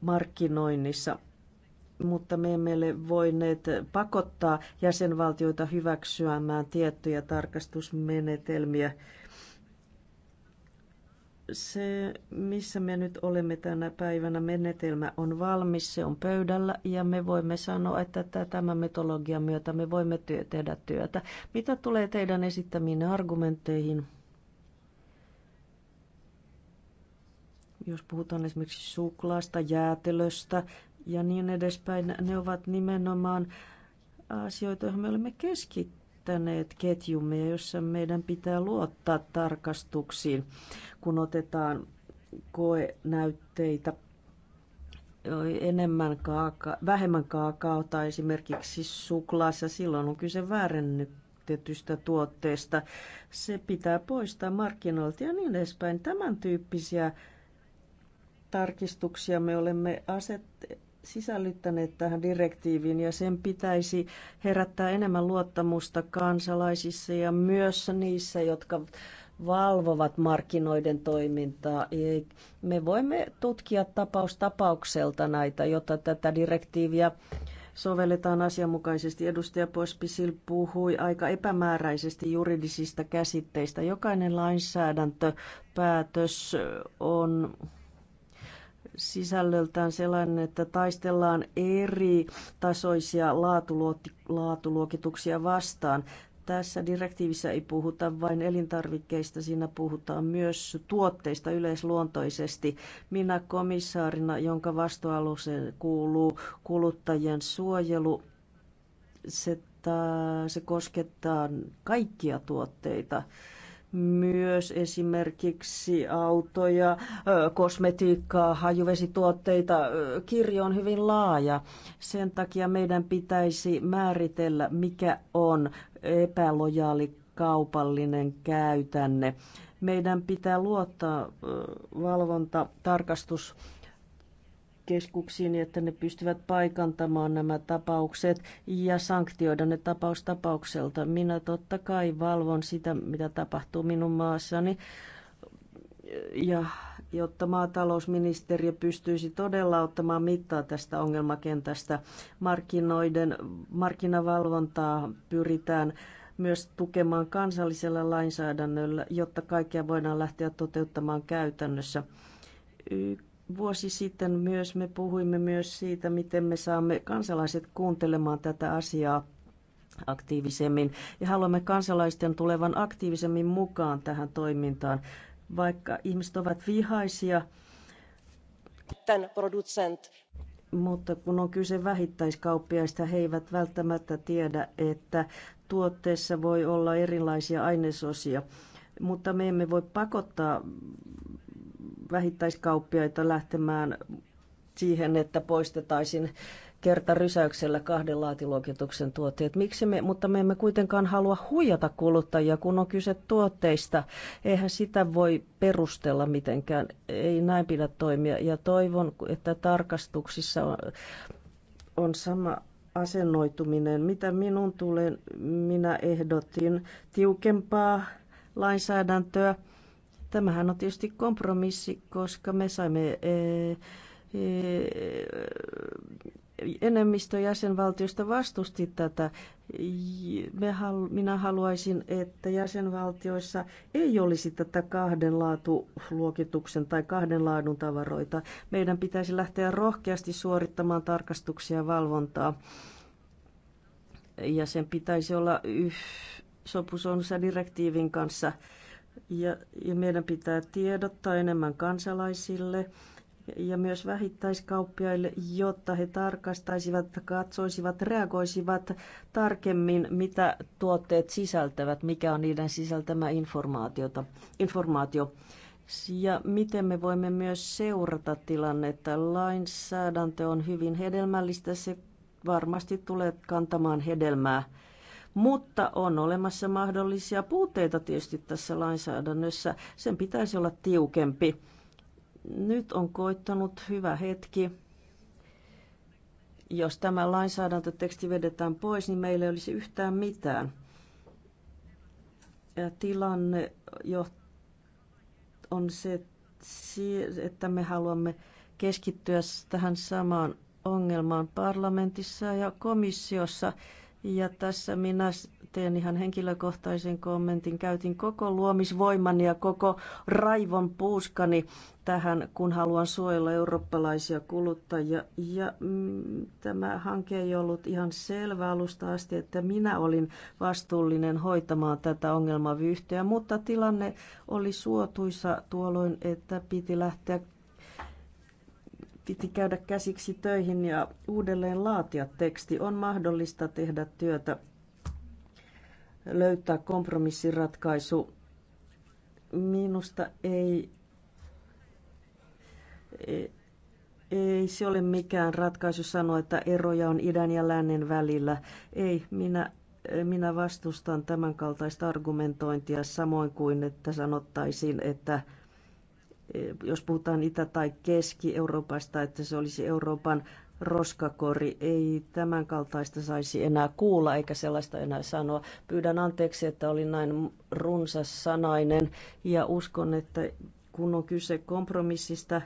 markkinoinnissa mutta me emme ole voineet pakottaa jäsenvaltioita hyväksymään tiettyjä tarkastusmenetelmiä. Se, missä me nyt olemme tänä päivänä, menetelmä on valmis, se on pöydällä ja me voimme sanoa, että tämän metologian myötä me voimme työ, tehdä työtä. Mitä tulee teidän esittämiin argumentteihin? jos puhutaan esimerkiksi suklaasta, jäätelöstä, ja niin edespäin, ne ovat nimenomaan asioita, joihin me olemme keskittäneet ketjumme ja jossa meidän pitää luottaa tarkastuksiin, kun otetaan koenäytteitä enemmän kaaka, vähemmän kaakaota esimerkiksi suklaassa, silloin on kyse väärennetystä tuotteesta. Se pitää poistaa markkinoilta ja niin edespäin. Tämän tyyppisiä tarkistuksia me olemme aset, sisällyttäneet tähän direktiiviin ja sen pitäisi herättää enemmän luottamusta kansalaisissa ja myös niissä, jotka valvovat markkinoiden toimintaa. Me voimme tutkia tapaus tapaukselta näitä, jotta tätä direktiiviä sovelletaan asianmukaisesti. Edustaja Pospisil puhui aika epämääräisesti juridisista käsitteistä. Jokainen lainsäädäntöpäätös on sisällöltään sellainen, että taistellaan eri tasoisia laatuluokituksia vastaan. Tässä direktiivissä ei puhuta vain elintarvikkeista, siinä puhutaan myös tuotteista yleisluontoisesti. Minä komissaarina, jonka vastuualueeseen kuuluu kuluttajien suojelu, se, se koskettaa kaikkia tuotteita myös esimerkiksi autoja, kosmetiikkaa, hajuvesituotteita. Kirjo on hyvin laaja. Sen takia meidän pitäisi määritellä, mikä on epälojaali kaupallinen käytänne. Meidän pitää luottaa valvonta, tarkastus keskuksiin, että ne pystyvät paikantamaan nämä tapaukset ja sanktioida ne tapaus tapaukselta. Minä totta kai valvon sitä, mitä tapahtuu minun maassani, ja jotta maatalousministeriö pystyisi todella ottamaan mittaa tästä ongelmakentästä. Markkinoiden, markkinavalvontaa pyritään myös tukemaan kansallisella lainsäädännöllä, jotta kaikkea voidaan lähteä toteuttamaan käytännössä Vuosi sitten myös me puhuimme myös siitä, miten me saamme kansalaiset kuuntelemaan tätä asiaa aktiivisemmin ja haluamme kansalaisten tulevan aktiivisemmin mukaan tähän toimintaan, vaikka ihmiset ovat vihaisia. Tän producent. Mutta kun on kyse vähittäiskauppiaista, he eivät välttämättä tiedä, että tuotteessa voi olla erilaisia ainesosia, mutta me emme voi pakottaa vähittäiskauppiaita lähtemään siihen, että poistetaisiin rysäyksellä kahden laatiluokituksen tuotteet. Miksi me, mutta me emme kuitenkaan halua huijata kuluttajia, kun on kyse tuotteista. Eihän sitä voi perustella mitenkään. Ei näin pidä toimia. Ja toivon, että tarkastuksissa on, on sama asennoituminen. Mitä minun tulee, minä ehdotin tiukempaa lainsäädäntöä. Tämähän on tietysti kompromissi, koska me saimme eh, eh, enemmistö jäsenvaltioista vastusti tätä. Me halu, minä haluaisin, että jäsenvaltioissa ei olisi tätä kahden laatuluokituksen tai kahden laadun tavaroita. Meidän pitäisi lähteä rohkeasti suorittamaan tarkastuksia ja valvontaa. Ja sen pitäisi olla yh, sopusonsa direktiivin kanssa – ja, ja meidän pitää tiedottaa enemmän kansalaisille ja myös vähittäiskauppiaille, jotta he tarkastaisivat, katsoisivat, reagoisivat tarkemmin, mitä tuotteet sisältävät, mikä on niiden sisältämä informaatiota, informaatio. Ja miten me voimme myös seurata tilannetta. Lainsäädäntö on hyvin hedelmällistä, se varmasti tulee kantamaan hedelmää mutta on olemassa mahdollisia puutteita tietysti tässä lainsäädännössä. Sen pitäisi olla tiukempi. Nyt on koittanut hyvä hetki. Jos tämä lainsäädäntöteksti vedetään pois, niin meillä ei olisi yhtään mitään. Ja tilanne on se, että me haluamme keskittyä tähän samaan ongelmaan parlamentissa ja komissiossa. Ja tässä minä teen ihan henkilökohtaisen kommentin. Käytin koko luomisvoimani ja koko raivon puuskani tähän, kun haluan suojella eurooppalaisia kuluttajia. Ja mm, tämä hanke ei ollut ihan selvä alusta asti, että minä olin vastuullinen hoitamaan tätä ongelmavyyhteä, mutta tilanne oli suotuisa tuolloin, että piti lähteä piti käydä käsiksi töihin ja uudelleen laatia teksti. On mahdollista tehdä työtä, löytää kompromissiratkaisu. Minusta ei, ei se ole mikään ratkaisu sanoa, että eroja on idän ja lännen välillä. Ei, minä, minä vastustan tämänkaltaista argumentointia samoin kuin, että sanottaisiin, että – Eh, jos puhutaan Itä- tai Keski-Euroopasta, että se olisi Euroopan roskakori. Ei tämän kaltaista saisi enää kuulla eikä sellaista enää sanoa. Pyydän anteeksi, että olin näin runsas sanainen ja uskon, että kun on kyse kompromissista,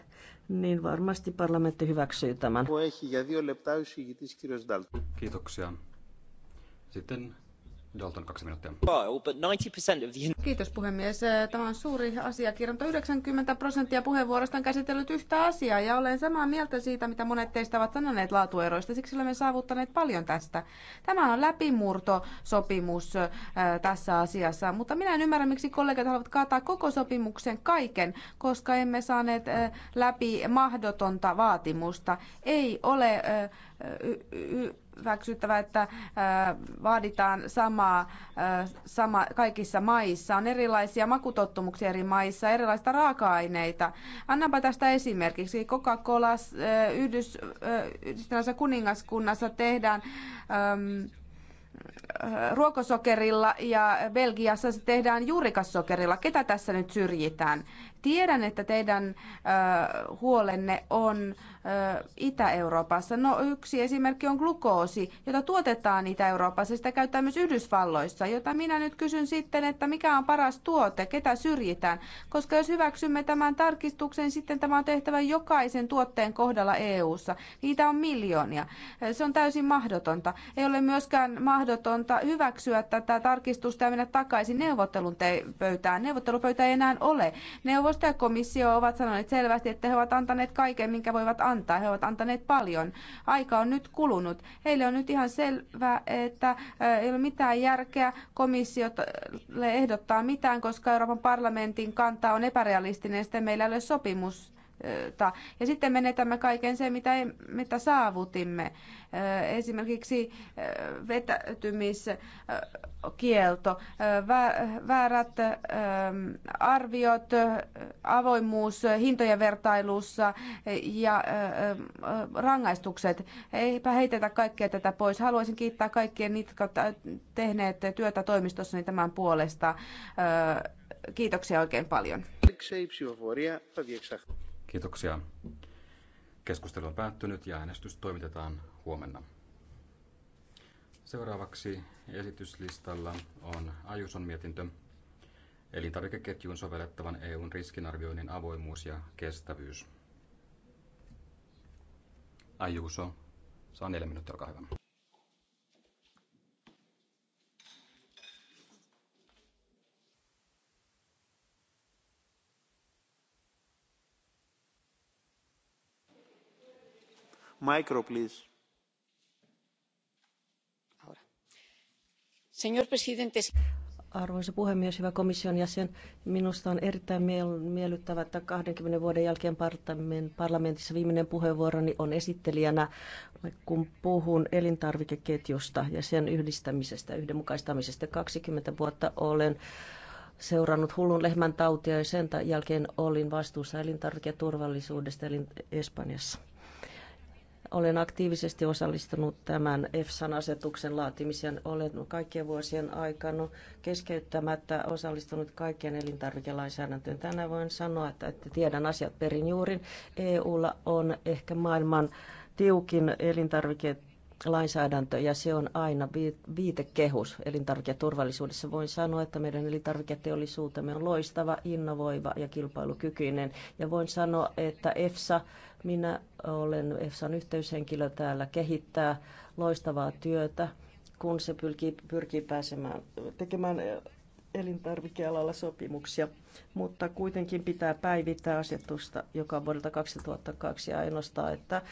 niin varmasti parlamentti hyväksyy tämän. Kiitoksia. Sitten Dalton, kaksi minuuttia. Kiitos puhemies. Äh, tämä on suuri asia mutta 90 prosenttia puheenvuorosta on käsitellyt yhtä asiaa ja olen samaa mieltä siitä, mitä monet teistä ovat sanoneet laatueroista. Siksi olemme saavuttaneet paljon tästä. Tämä on läpimurto sopimus äh, tässä asiassa, mutta minä en ymmärrä, miksi kollegat haluavat kaataa koko sopimuksen kaiken, koska emme saaneet äh, läpi mahdotonta vaatimusta. Ei ole hyväksyttävä, että äh, vaaditaan samaa, äh, sama kaikissa maissa. On erilaisia makutottumuksia eri maissa, erilaisia raaka-aineita. Annanpa tästä esimerkiksi. Coca-Cola äh, Yhdys, Yhdistyneessä kuningaskunnassa tehdään ähm, ruokosokerilla ja Belgiassa se tehdään juurikassokerilla. Ketä tässä nyt syrjitään? Tiedän, että teidän huolenne on Itä-Euroopassa. No yksi esimerkki on glukoosi, jota tuotetaan Itä-Euroopassa. Sitä käytetään myös Yhdysvalloissa, jota minä nyt kysyn sitten, että mikä on paras tuote, ketä syrjitään. Koska jos hyväksymme tämän tarkistuksen, sitten tämä on tehtävä jokaisen tuotteen kohdalla EU-ssa. Niitä on miljoonia. Se on täysin mahdotonta. Ei ole myöskään mahdotonta hyväksyä tätä tarkistusta ja mennä takaisin neuvottelun pöytään. Neuvottelupöytä ei enää ole. Neuvo- Neuvosto ja komissio ovat sanoneet selvästi, että he ovat antaneet kaiken, minkä voivat antaa. He ovat antaneet paljon. Aika on nyt kulunut. Heille on nyt ihan selvää, että ei ole mitään järkeä komissiolle ehdottaa mitään, koska Euroopan parlamentin kanta on epärealistinen, sitten meillä ei ole sopimus ta. Ja sitten menetämme kaiken sen, mitä, mitä saavutimme. Esimerkiksi vetäytymiskielto, väärät arviot, avoimuus hintojen vertailussa ja rangaistukset. Eipä heitetä kaikkea tätä pois. Haluaisin kiittää kaikkia niitä, jotka ovat tehneet työtä toimistossani niin tämän puolesta. Kiitoksia oikein paljon. Kiitoksia. Keskustelu on päättynyt ja äänestys toimitetaan huomenna. Seuraavaksi esityslistalla on Ajuson mietintö elintarvikeketjuun sovellettavan EUn riskinarvioinnin avoimuus ja kestävyys. Ajuso, saa neljä minuuttia, olkaa hyvä. señor presidente arvoisa puhemies hyvä komission jäsen minusta on erittäin miellyttävää että kaksikymmentä vuoden jälkeen parlamentissa viimeinen puheenvuoroni on esittelijänä kun puhun elintarvikeketjusta ja sen yhdistämisestä yhdenmukaistamisesta. kaksikymmentä vuotta olen seurannut hullun lehmän tautia ja sen jälkeen olin vastuussa elintarviketurvallisuudesta Espanjassa olen aktiivisesti osallistunut tämän EFSAn asetuksen laatimiseen. Olen kaikkien vuosien aikana keskeyttämättä osallistunut kaikkien elintarvikelainsäädäntöön. Tänään voin sanoa, että, että tiedän asiat perin juurin. EUlla on ehkä maailman tiukin elintarvike lainsäädäntö ja se on aina viitekehus elintarviketurvallisuudessa. Voin sanoa, että meidän elintarviketeollisuutemme on loistava, innovoiva ja kilpailukykyinen. Ja voin sanoa, että EFSA minä olen EFSAn yhteyshenkilö täällä, kehittää loistavaa työtä, kun se pyrkii, pyrkii pääsemään tekemään elintarvikealalla sopimuksia mutta kuitenkin pitää päivittää asetusta, joka on vuodelta 2002 ja ainoastaan, että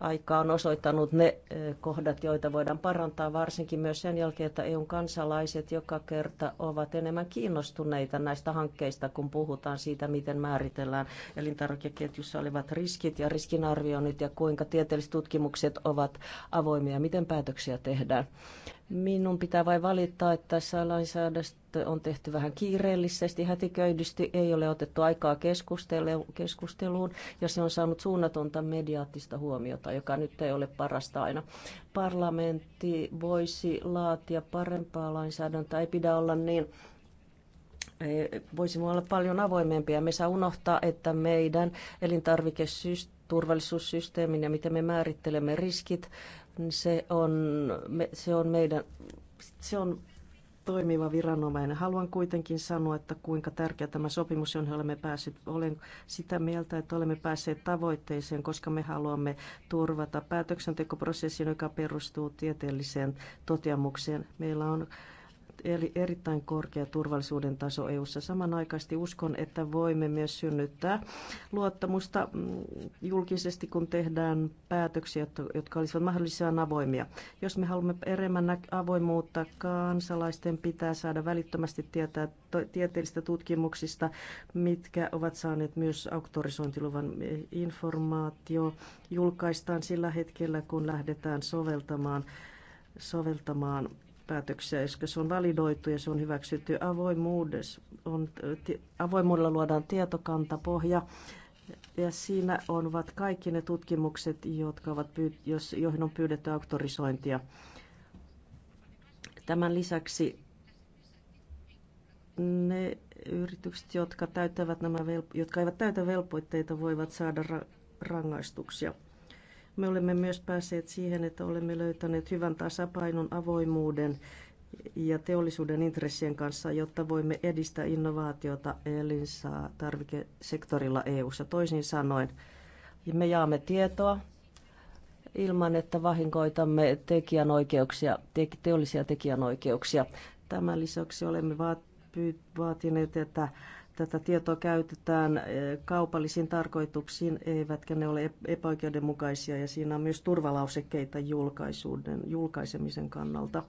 aika on osoittanut ne kohdat, joita voidaan parantaa, varsinkin myös sen jälkeen, että EUn kansalaiset joka kerta ovat enemmän kiinnostuneita näistä hankkeista, kun puhutaan siitä, miten määritellään elintarvikeketjussa olevat riskit ja riskinarvioinnit ja kuinka tieteelliset tutkimukset ovat avoimia, miten päätöksiä tehdään. Minun pitää vain valittaa, että tässä lainsäädäntö on tehty vähän kiireellisesti, hätiköidysti tietysti ei ole otettu aikaa keskusteluun ja se on saanut suunnatonta mediaattista huomiota, joka nyt ei ole parasta aina. Parlamentti voisi laatia parempaa lainsäädäntöä, ei pidä olla niin voisimme olla paljon avoimempia. Me saa unohtaa, että meidän elintarviketurvallisuussysteemin ja miten me määrittelemme riskit, se on, se on meidän se on toimiva viranomainen. Haluan kuitenkin sanoa, että kuinka tärkeä tämä sopimus on, olemme päässeet. Olen sitä mieltä, että olemme päässeet tavoitteeseen, koska me haluamme turvata päätöksentekoprosessin, joka perustuu tieteelliseen toteamukseen. Meillä on eli erittäin korkea turvallisuuden taso EU:ssa. Samanaikaisesti uskon, että voimme myös synnyttää luottamusta mm, julkisesti, kun tehdään päätöksiä, jotka olisivat mahdollisimman avoimia. Jos me haluamme enemmän avoimuutta, kansalaisten pitää saada välittömästi tietää tieteellisistä tutkimuksista, mitkä ovat saaneet myös auktorisointiluvan informaatio. Julkaistaan sillä hetkellä, kun lähdetään soveltamaan soveltamaan päätöksiä, koska se on validoitu ja se on hyväksytty. Avoimuudessa on, avoimuudella luodaan tietokantapohja ja siinä ovat kaikki ne tutkimukset, jotka ovat, jos, joihin on pyydetty auktorisointia. Tämän lisäksi ne yritykset, jotka, täyttävät nämä, jotka eivät täytä velvoitteita, voivat saada ra- rangaistuksia. Me olemme myös päässeet siihen, että olemme löytäneet hyvän tasapainon avoimuuden ja teollisuuden intressien kanssa, jotta voimme edistää innovaatiota tarvikesektorilla EU-ssa. Toisin sanoen, me jaamme tietoa ilman, että vahinkoitamme tekijänoikeuksia, te- teollisia tekijänoikeuksia. Tämän lisäksi olemme vaat- vaatineet, että tätä tietoa käytetään eh, kaupallisiin tarkoituksiin, eivätkä ne ole epäoikeudenmukaisia ja siinä on myös turvalausekkeita julkaisuuden, julkaisemisen kannalta.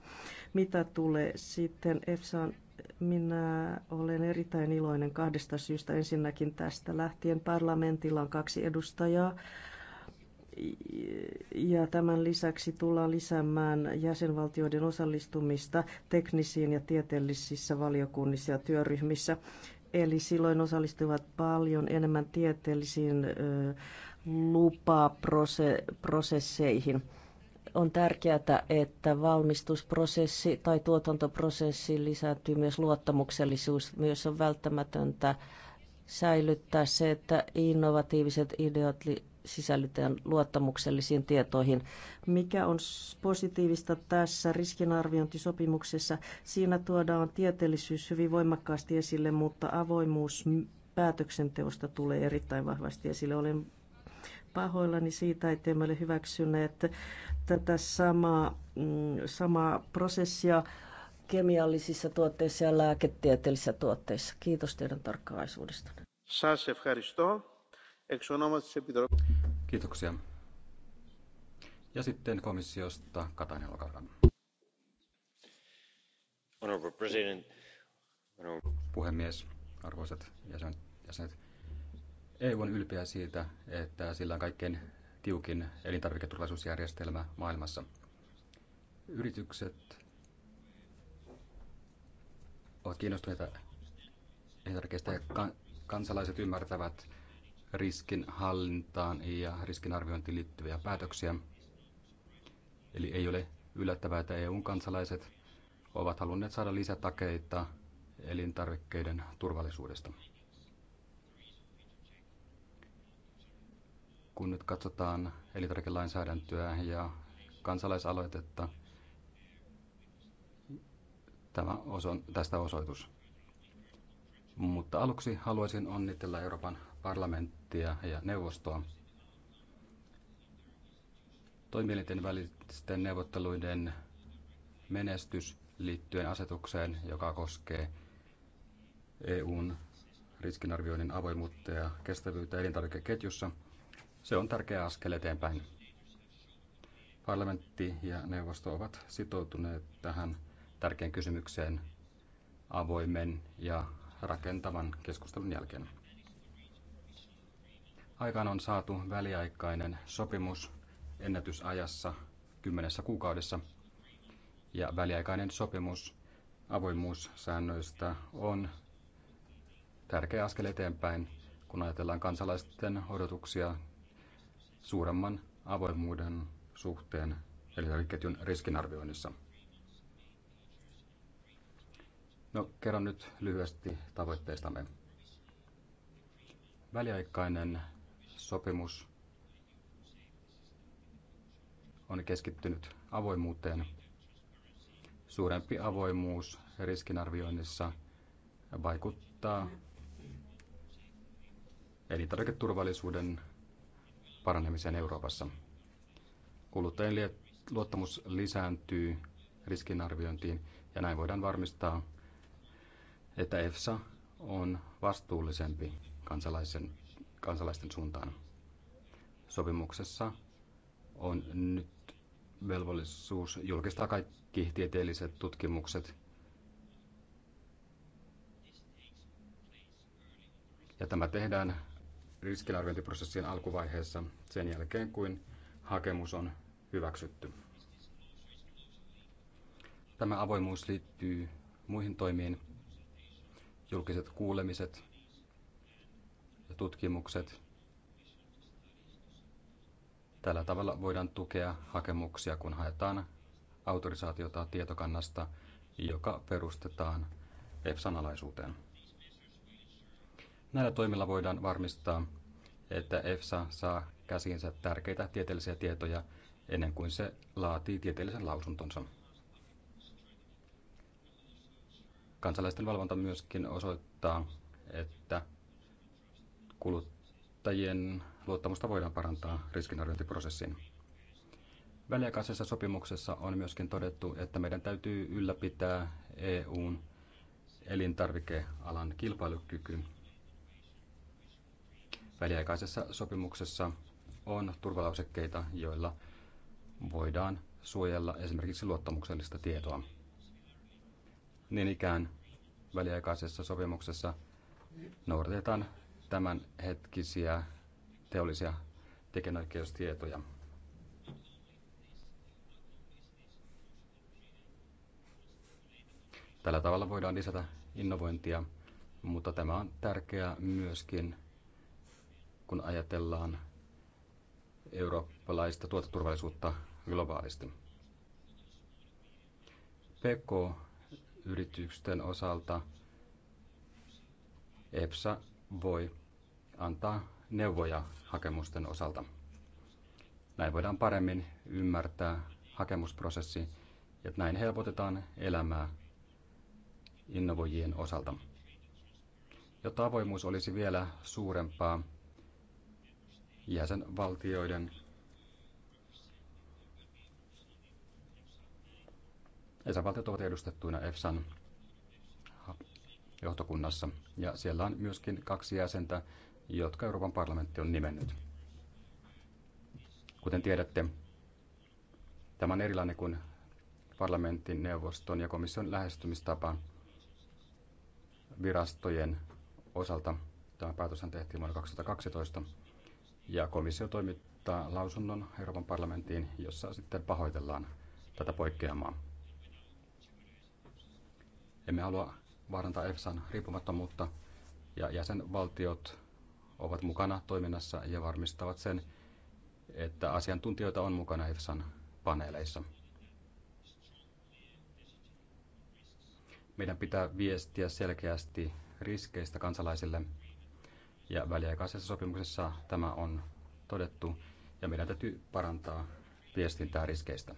Mitä tulee sitten EFSAan, minä olen erittäin iloinen kahdesta syystä. Ensinnäkin tästä lähtien parlamentilla on kaksi edustajaa ja tämän lisäksi tullaan lisäämään jäsenvaltioiden osallistumista teknisiin ja tieteellisissä valiokunnissa ja työryhmissä. Eli silloin osallistuvat paljon enemmän tieteellisiin lupaprosesseihin. On tärkeää, että valmistusprosessi tai tuotantoprosessi lisääntyy myös luottamuksellisuus. Myös on välttämätöntä säilyttää se, että innovatiiviset ideat sisällytään luottamuksellisiin tietoihin. Mikä on positiivista tässä riskinarviointisopimuksessa? Siinä tuodaan tieteellisyys hyvin voimakkaasti esille, mutta avoimuus päätöksenteosta tulee erittäin vahvasti esille. Olen pahoillani siitä, että emme ole hyväksyneet tätä samaa, mm, samaa prosessia kemiallisissa tuotteissa ja lääketieteellisissä tuotteissa. Kiitos teidän tarkkaavaisuudestanne. Σας Kiitoksia. Ja sitten komissiosta Katainen, olkaa hyvä. Puhemies, arvoisat jäsenet, jäsenet. EU on ylpeä siitä, että sillä on kaikkein tiukin elintarviketurvallisuusjärjestelmä maailmassa. Yritykset ovat kiinnostuneita elintarvikeista ja kansalaiset ymmärtävät, riskinhallintaan ja riskinarviointiin liittyviä päätöksiä. Eli ei ole yllättävää, että eu kansalaiset ovat halunneet saada lisätakeita elintarvikkeiden turvallisuudesta. Kun nyt katsotaan elintarvikelainsäädäntöä ja kansalaisaloitetta, tämä on tästä osoitus. Mutta aluksi haluaisin onnitella Euroopan parlamenttia ja neuvostoa. Toimielinten välisten neuvotteluiden menestys liittyen asetukseen, joka koskee EUn riskinarvioinnin avoimuutta ja kestävyyttä elintarvikeketjussa, se on tärkeä askel eteenpäin. Parlamentti ja neuvosto ovat sitoutuneet tähän tärkeän kysymykseen avoimen ja rakentavan keskustelun jälkeen aikaan on saatu väliaikainen sopimus ennätysajassa kymmenessä kuukaudessa. Ja väliaikainen sopimus avoimuussäännöistä on tärkeä askel eteenpäin, kun ajatellaan kansalaisten odotuksia suuremman avoimuuden suhteen elintarvikeketjun riskinarvioinnissa. No, kerron nyt lyhyesti tavoitteistamme. Väliaikainen sopimus on keskittynyt avoimuuteen. Suurempi avoimuus riskinarvioinnissa vaikuttaa elintarviketurvallisuuden paranemiseen Euroopassa. Kuluttajien luottamus lisääntyy riskinarviointiin ja näin voidaan varmistaa, että EFSA on vastuullisempi kansalaisten suuntaan sopimuksessa on nyt velvollisuus julkistaa kaikki tieteelliset tutkimukset. Ja tämä tehdään riskinarviointiprosessin alkuvaiheessa sen jälkeen, kuin hakemus on hyväksytty. Tämä avoimuus liittyy muihin toimiin, julkiset kuulemiset ja tutkimukset Tällä tavalla voidaan tukea hakemuksia, kun haetaan autorisaatiota tietokannasta, joka perustetaan EFSAn alaisuuteen. Näillä toimilla voidaan varmistaa, että EFSA saa käsiinsä tärkeitä tieteellisiä tietoja ennen kuin se laatii tieteellisen lausuntonsa. Kansalaisten valvonta myöskin osoittaa, että kuluttajien luottamusta voidaan parantaa riskinarviointiprosessin. Väliaikaisessa sopimuksessa on myöskin todettu, että meidän täytyy ylläpitää EUn elintarvikealan kilpailukyky. Väliaikaisessa sopimuksessa on turvalausekkeita, joilla voidaan suojella esimerkiksi luottamuksellista tietoa. Niin ikään väliaikaisessa sopimuksessa noudatetaan tämänhetkisiä teollisia tekijänoikeustietoja. Tällä tavalla voidaan lisätä innovointia, mutta tämä on tärkeää myöskin, kun ajatellaan eurooppalaista tuoteturvallisuutta globaalisti. PK-yritysten osalta EPSA voi antaa neuvoja hakemusten osalta. Näin voidaan paremmin ymmärtää hakemusprosessi ja näin helpotetaan elämää innovoijien osalta. Jotta avoimuus olisi vielä suurempaa, jäsenvaltioiden jäsenvaltiot ovat edustettuina EFSAn johtokunnassa. Ja siellä on myöskin kaksi jäsentä, jotka Euroopan parlamentti on nimennyt. Kuten tiedätte, tämä on erilainen kuin parlamentin, neuvoston ja komission lähestymistapa virastojen osalta. Tämä päätös tehtiin vuonna 2012 ja komissio toimittaa lausunnon Euroopan parlamenttiin, jossa sitten pahoitellaan tätä poikkeamaa. Emme halua vaarantaa EFSAn riippumattomuutta ja jäsenvaltiot ovat mukana toiminnassa ja varmistavat sen, että asiantuntijoita on mukana EFSAn paneeleissa. Meidän pitää viestiä selkeästi riskeistä kansalaisille ja väliaikaisessa sopimuksessa tämä on todettu ja meidän täytyy parantaa viestintää riskeistä.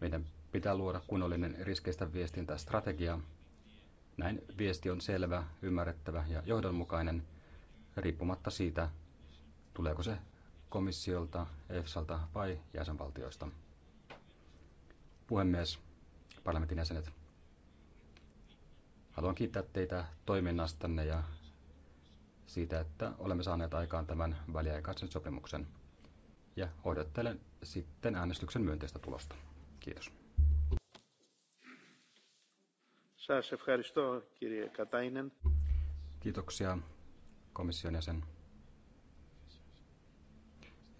Meidän pitää luoda kunnollinen riskeistä viestintästrategia strategia näin viesti on selvä, ymmärrettävä ja johdonmukainen, riippumatta siitä, tuleeko se komissiolta, EFSalta vai jäsenvaltioista. Puhemies, parlamentin jäsenet, haluan kiittää teitä toiminnastanne ja siitä, että olemme saaneet aikaan tämän väliaikaisen sopimuksen. Ja odottelen sitten äänestyksen myönteistä tulosta. Kiitos. Kiitoksia komission jäsen.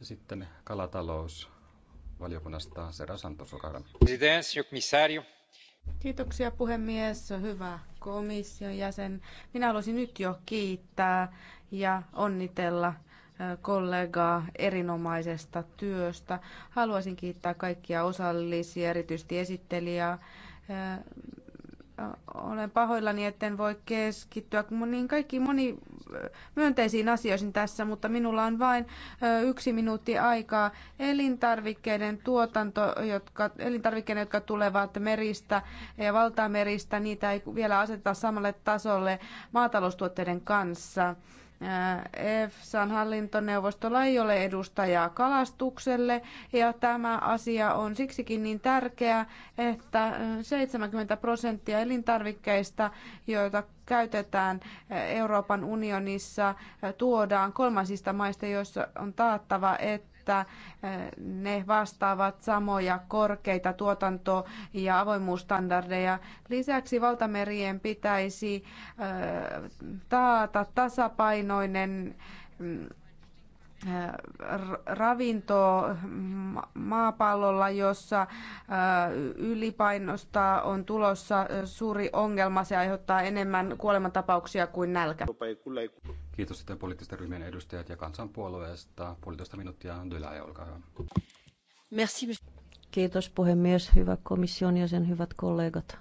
Ja sitten kalatalous valiokunnasta Sera Santos, Kiitoksia puhemies, hyvä komission jäsen. Minä haluaisin nyt jo kiittää ja onnitella kollegaa erinomaisesta työstä. Haluaisin kiittää kaikkia osallisia, erityisesti esittelijää olen pahoillani, etten voi keskittyä niin kaikkiin moni myönteisiin asioihin tässä, mutta minulla on vain yksi minuutti aikaa. Elintarvikkeiden tuotanto, jotka, elintarvikkeiden, jotka tulevat meristä ja valtameristä, niitä ei vielä aseteta samalle tasolle maataloustuotteiden kanssa. EFSAn äh, hallintoneuvostolla ei ole edustajaa kalastukselle ja tämä asia on siksikin niin tärkeä, että 70 prosenttia elintarvikkeista, joita käytetään Euroopan unionissa, tuodaan kolmansista maista, joissa on taattava, että että ne vastaavat samoja korkeita tuotanto- ja avoimuusstandardeja. Lisäksi valtamerien pitäisi taata tasapainoinen mm, Äh, ravinto maapallolla, jossa äh, ylipainosta on tulossa äh, suuri ongelma. Se aiheuttaa enemmän kuolemantapauksia kuin nälkä. Kiitos sitten poliittisten ryhmien edustajat ja kansanpuolueesta. Puolitoista minuuttia Dylaja, olkaa hyvä. Merci. Kiitos puhemies, hyvä komission ja sen hyvät kollegat.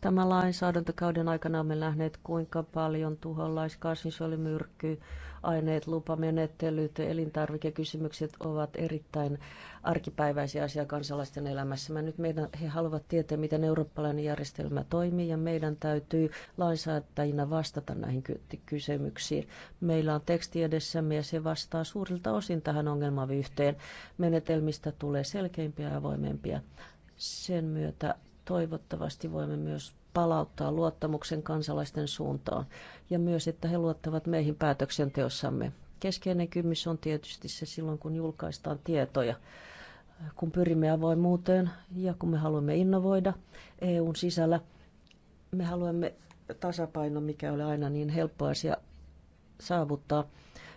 Tämän lainsäädäntökauden aikana olemme nähneet, kuinka paljon tuholaiskasvinsuojelumyrkkyä aineet, lupamenettelyt, elintarvikekysymykset ovat erittäin arkipäiväisiä asia kansalaisten elämässä. Mä nyt meidän, he haluavat tietää, miten eurooppalainen järjestelmä toimii ja meidän täytyy lainsäätäjinä vastata näihin kysymyksiin. Meillä on teksti edessämme ja se vastaa suurilta osin tähän ongelmavyhteen. Menetelmistä tulee selkeimpiä ja avoimempia. Sen myötä toivottavasti voimme myös palauttaa luottamuksen kansalaisten suuntaan ja myös, että he luottavat meihin päätöksenteossamme. Keskeinen kymmys on tietysti se silloin, kun julkaistaan tietoja kun pyrimme avoimuuteen ja kun me haluamme innovoida EUn sisällä, me haluamme tasapaino, mikä ei ole aina niin helppo asia saavuttaa.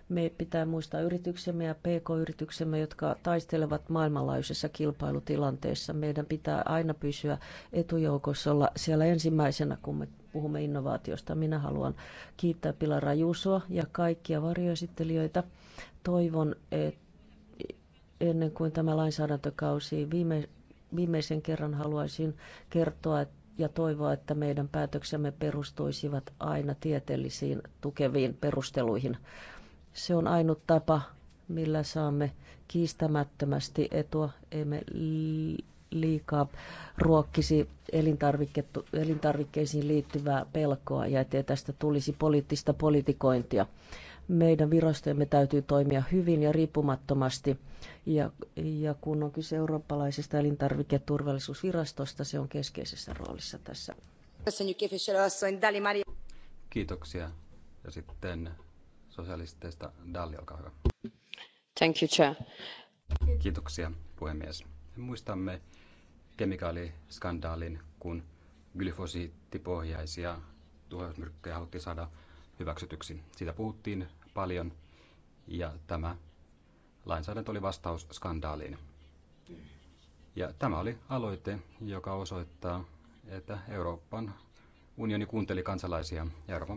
Me pitää muistaa yrityksemme ja pk-yrityksemme, jotka taistelevat maailmanlaajuisessa kilpailutilanteessa. Meidän pitää aina pysyä etujoukossa, olla siellä ensimmäisenä, kun me puhumme innovaatiosta. Minä haluan kiittää Pilar Rajusoa ja kaikkia varjoesittelijöitä. Toivon, että ennen kuin tämä lainsäädäntökausi viime, viimeisen kerran haluaisin kertoa ja toivoa, että meidän päätöksemme perustuisivat aina tieteellisiin tukeviin perusteluihin. Se on ainut tapa, millä saamme kiistämättömästi etua. Emme liikaa ruokkisi elintarvikkeisiin liittyvää pelkoa ja ettei tästä tulisi poliittista politikointia. Meidän virastojemme täytyy toimia hyvin ja riippumattomasti. Ja, ja kun on kyse eurooppalaisesta elintarviketurvallisuusvirastosta, se on keskeisessä roolissa tässä. Kiitoksia. Ja sitten sosialisteista Dalli, olkaa hyvä. Thank you, Chair. Kiitoksia, puhemies. Muistamme kemikaaliskandaalin, kun glyfosiittipohjaisia tuhoismyrkkyjä haluttiin saada hyväksytyksi. Siitä puhuttiin paljon ja tämä lainsäädäntö oli vastaus skandaaliin. Ja tämä oli aloite, joka osoittaa, että Euroopan unioni kuunteli kansalaisia ja Euroopan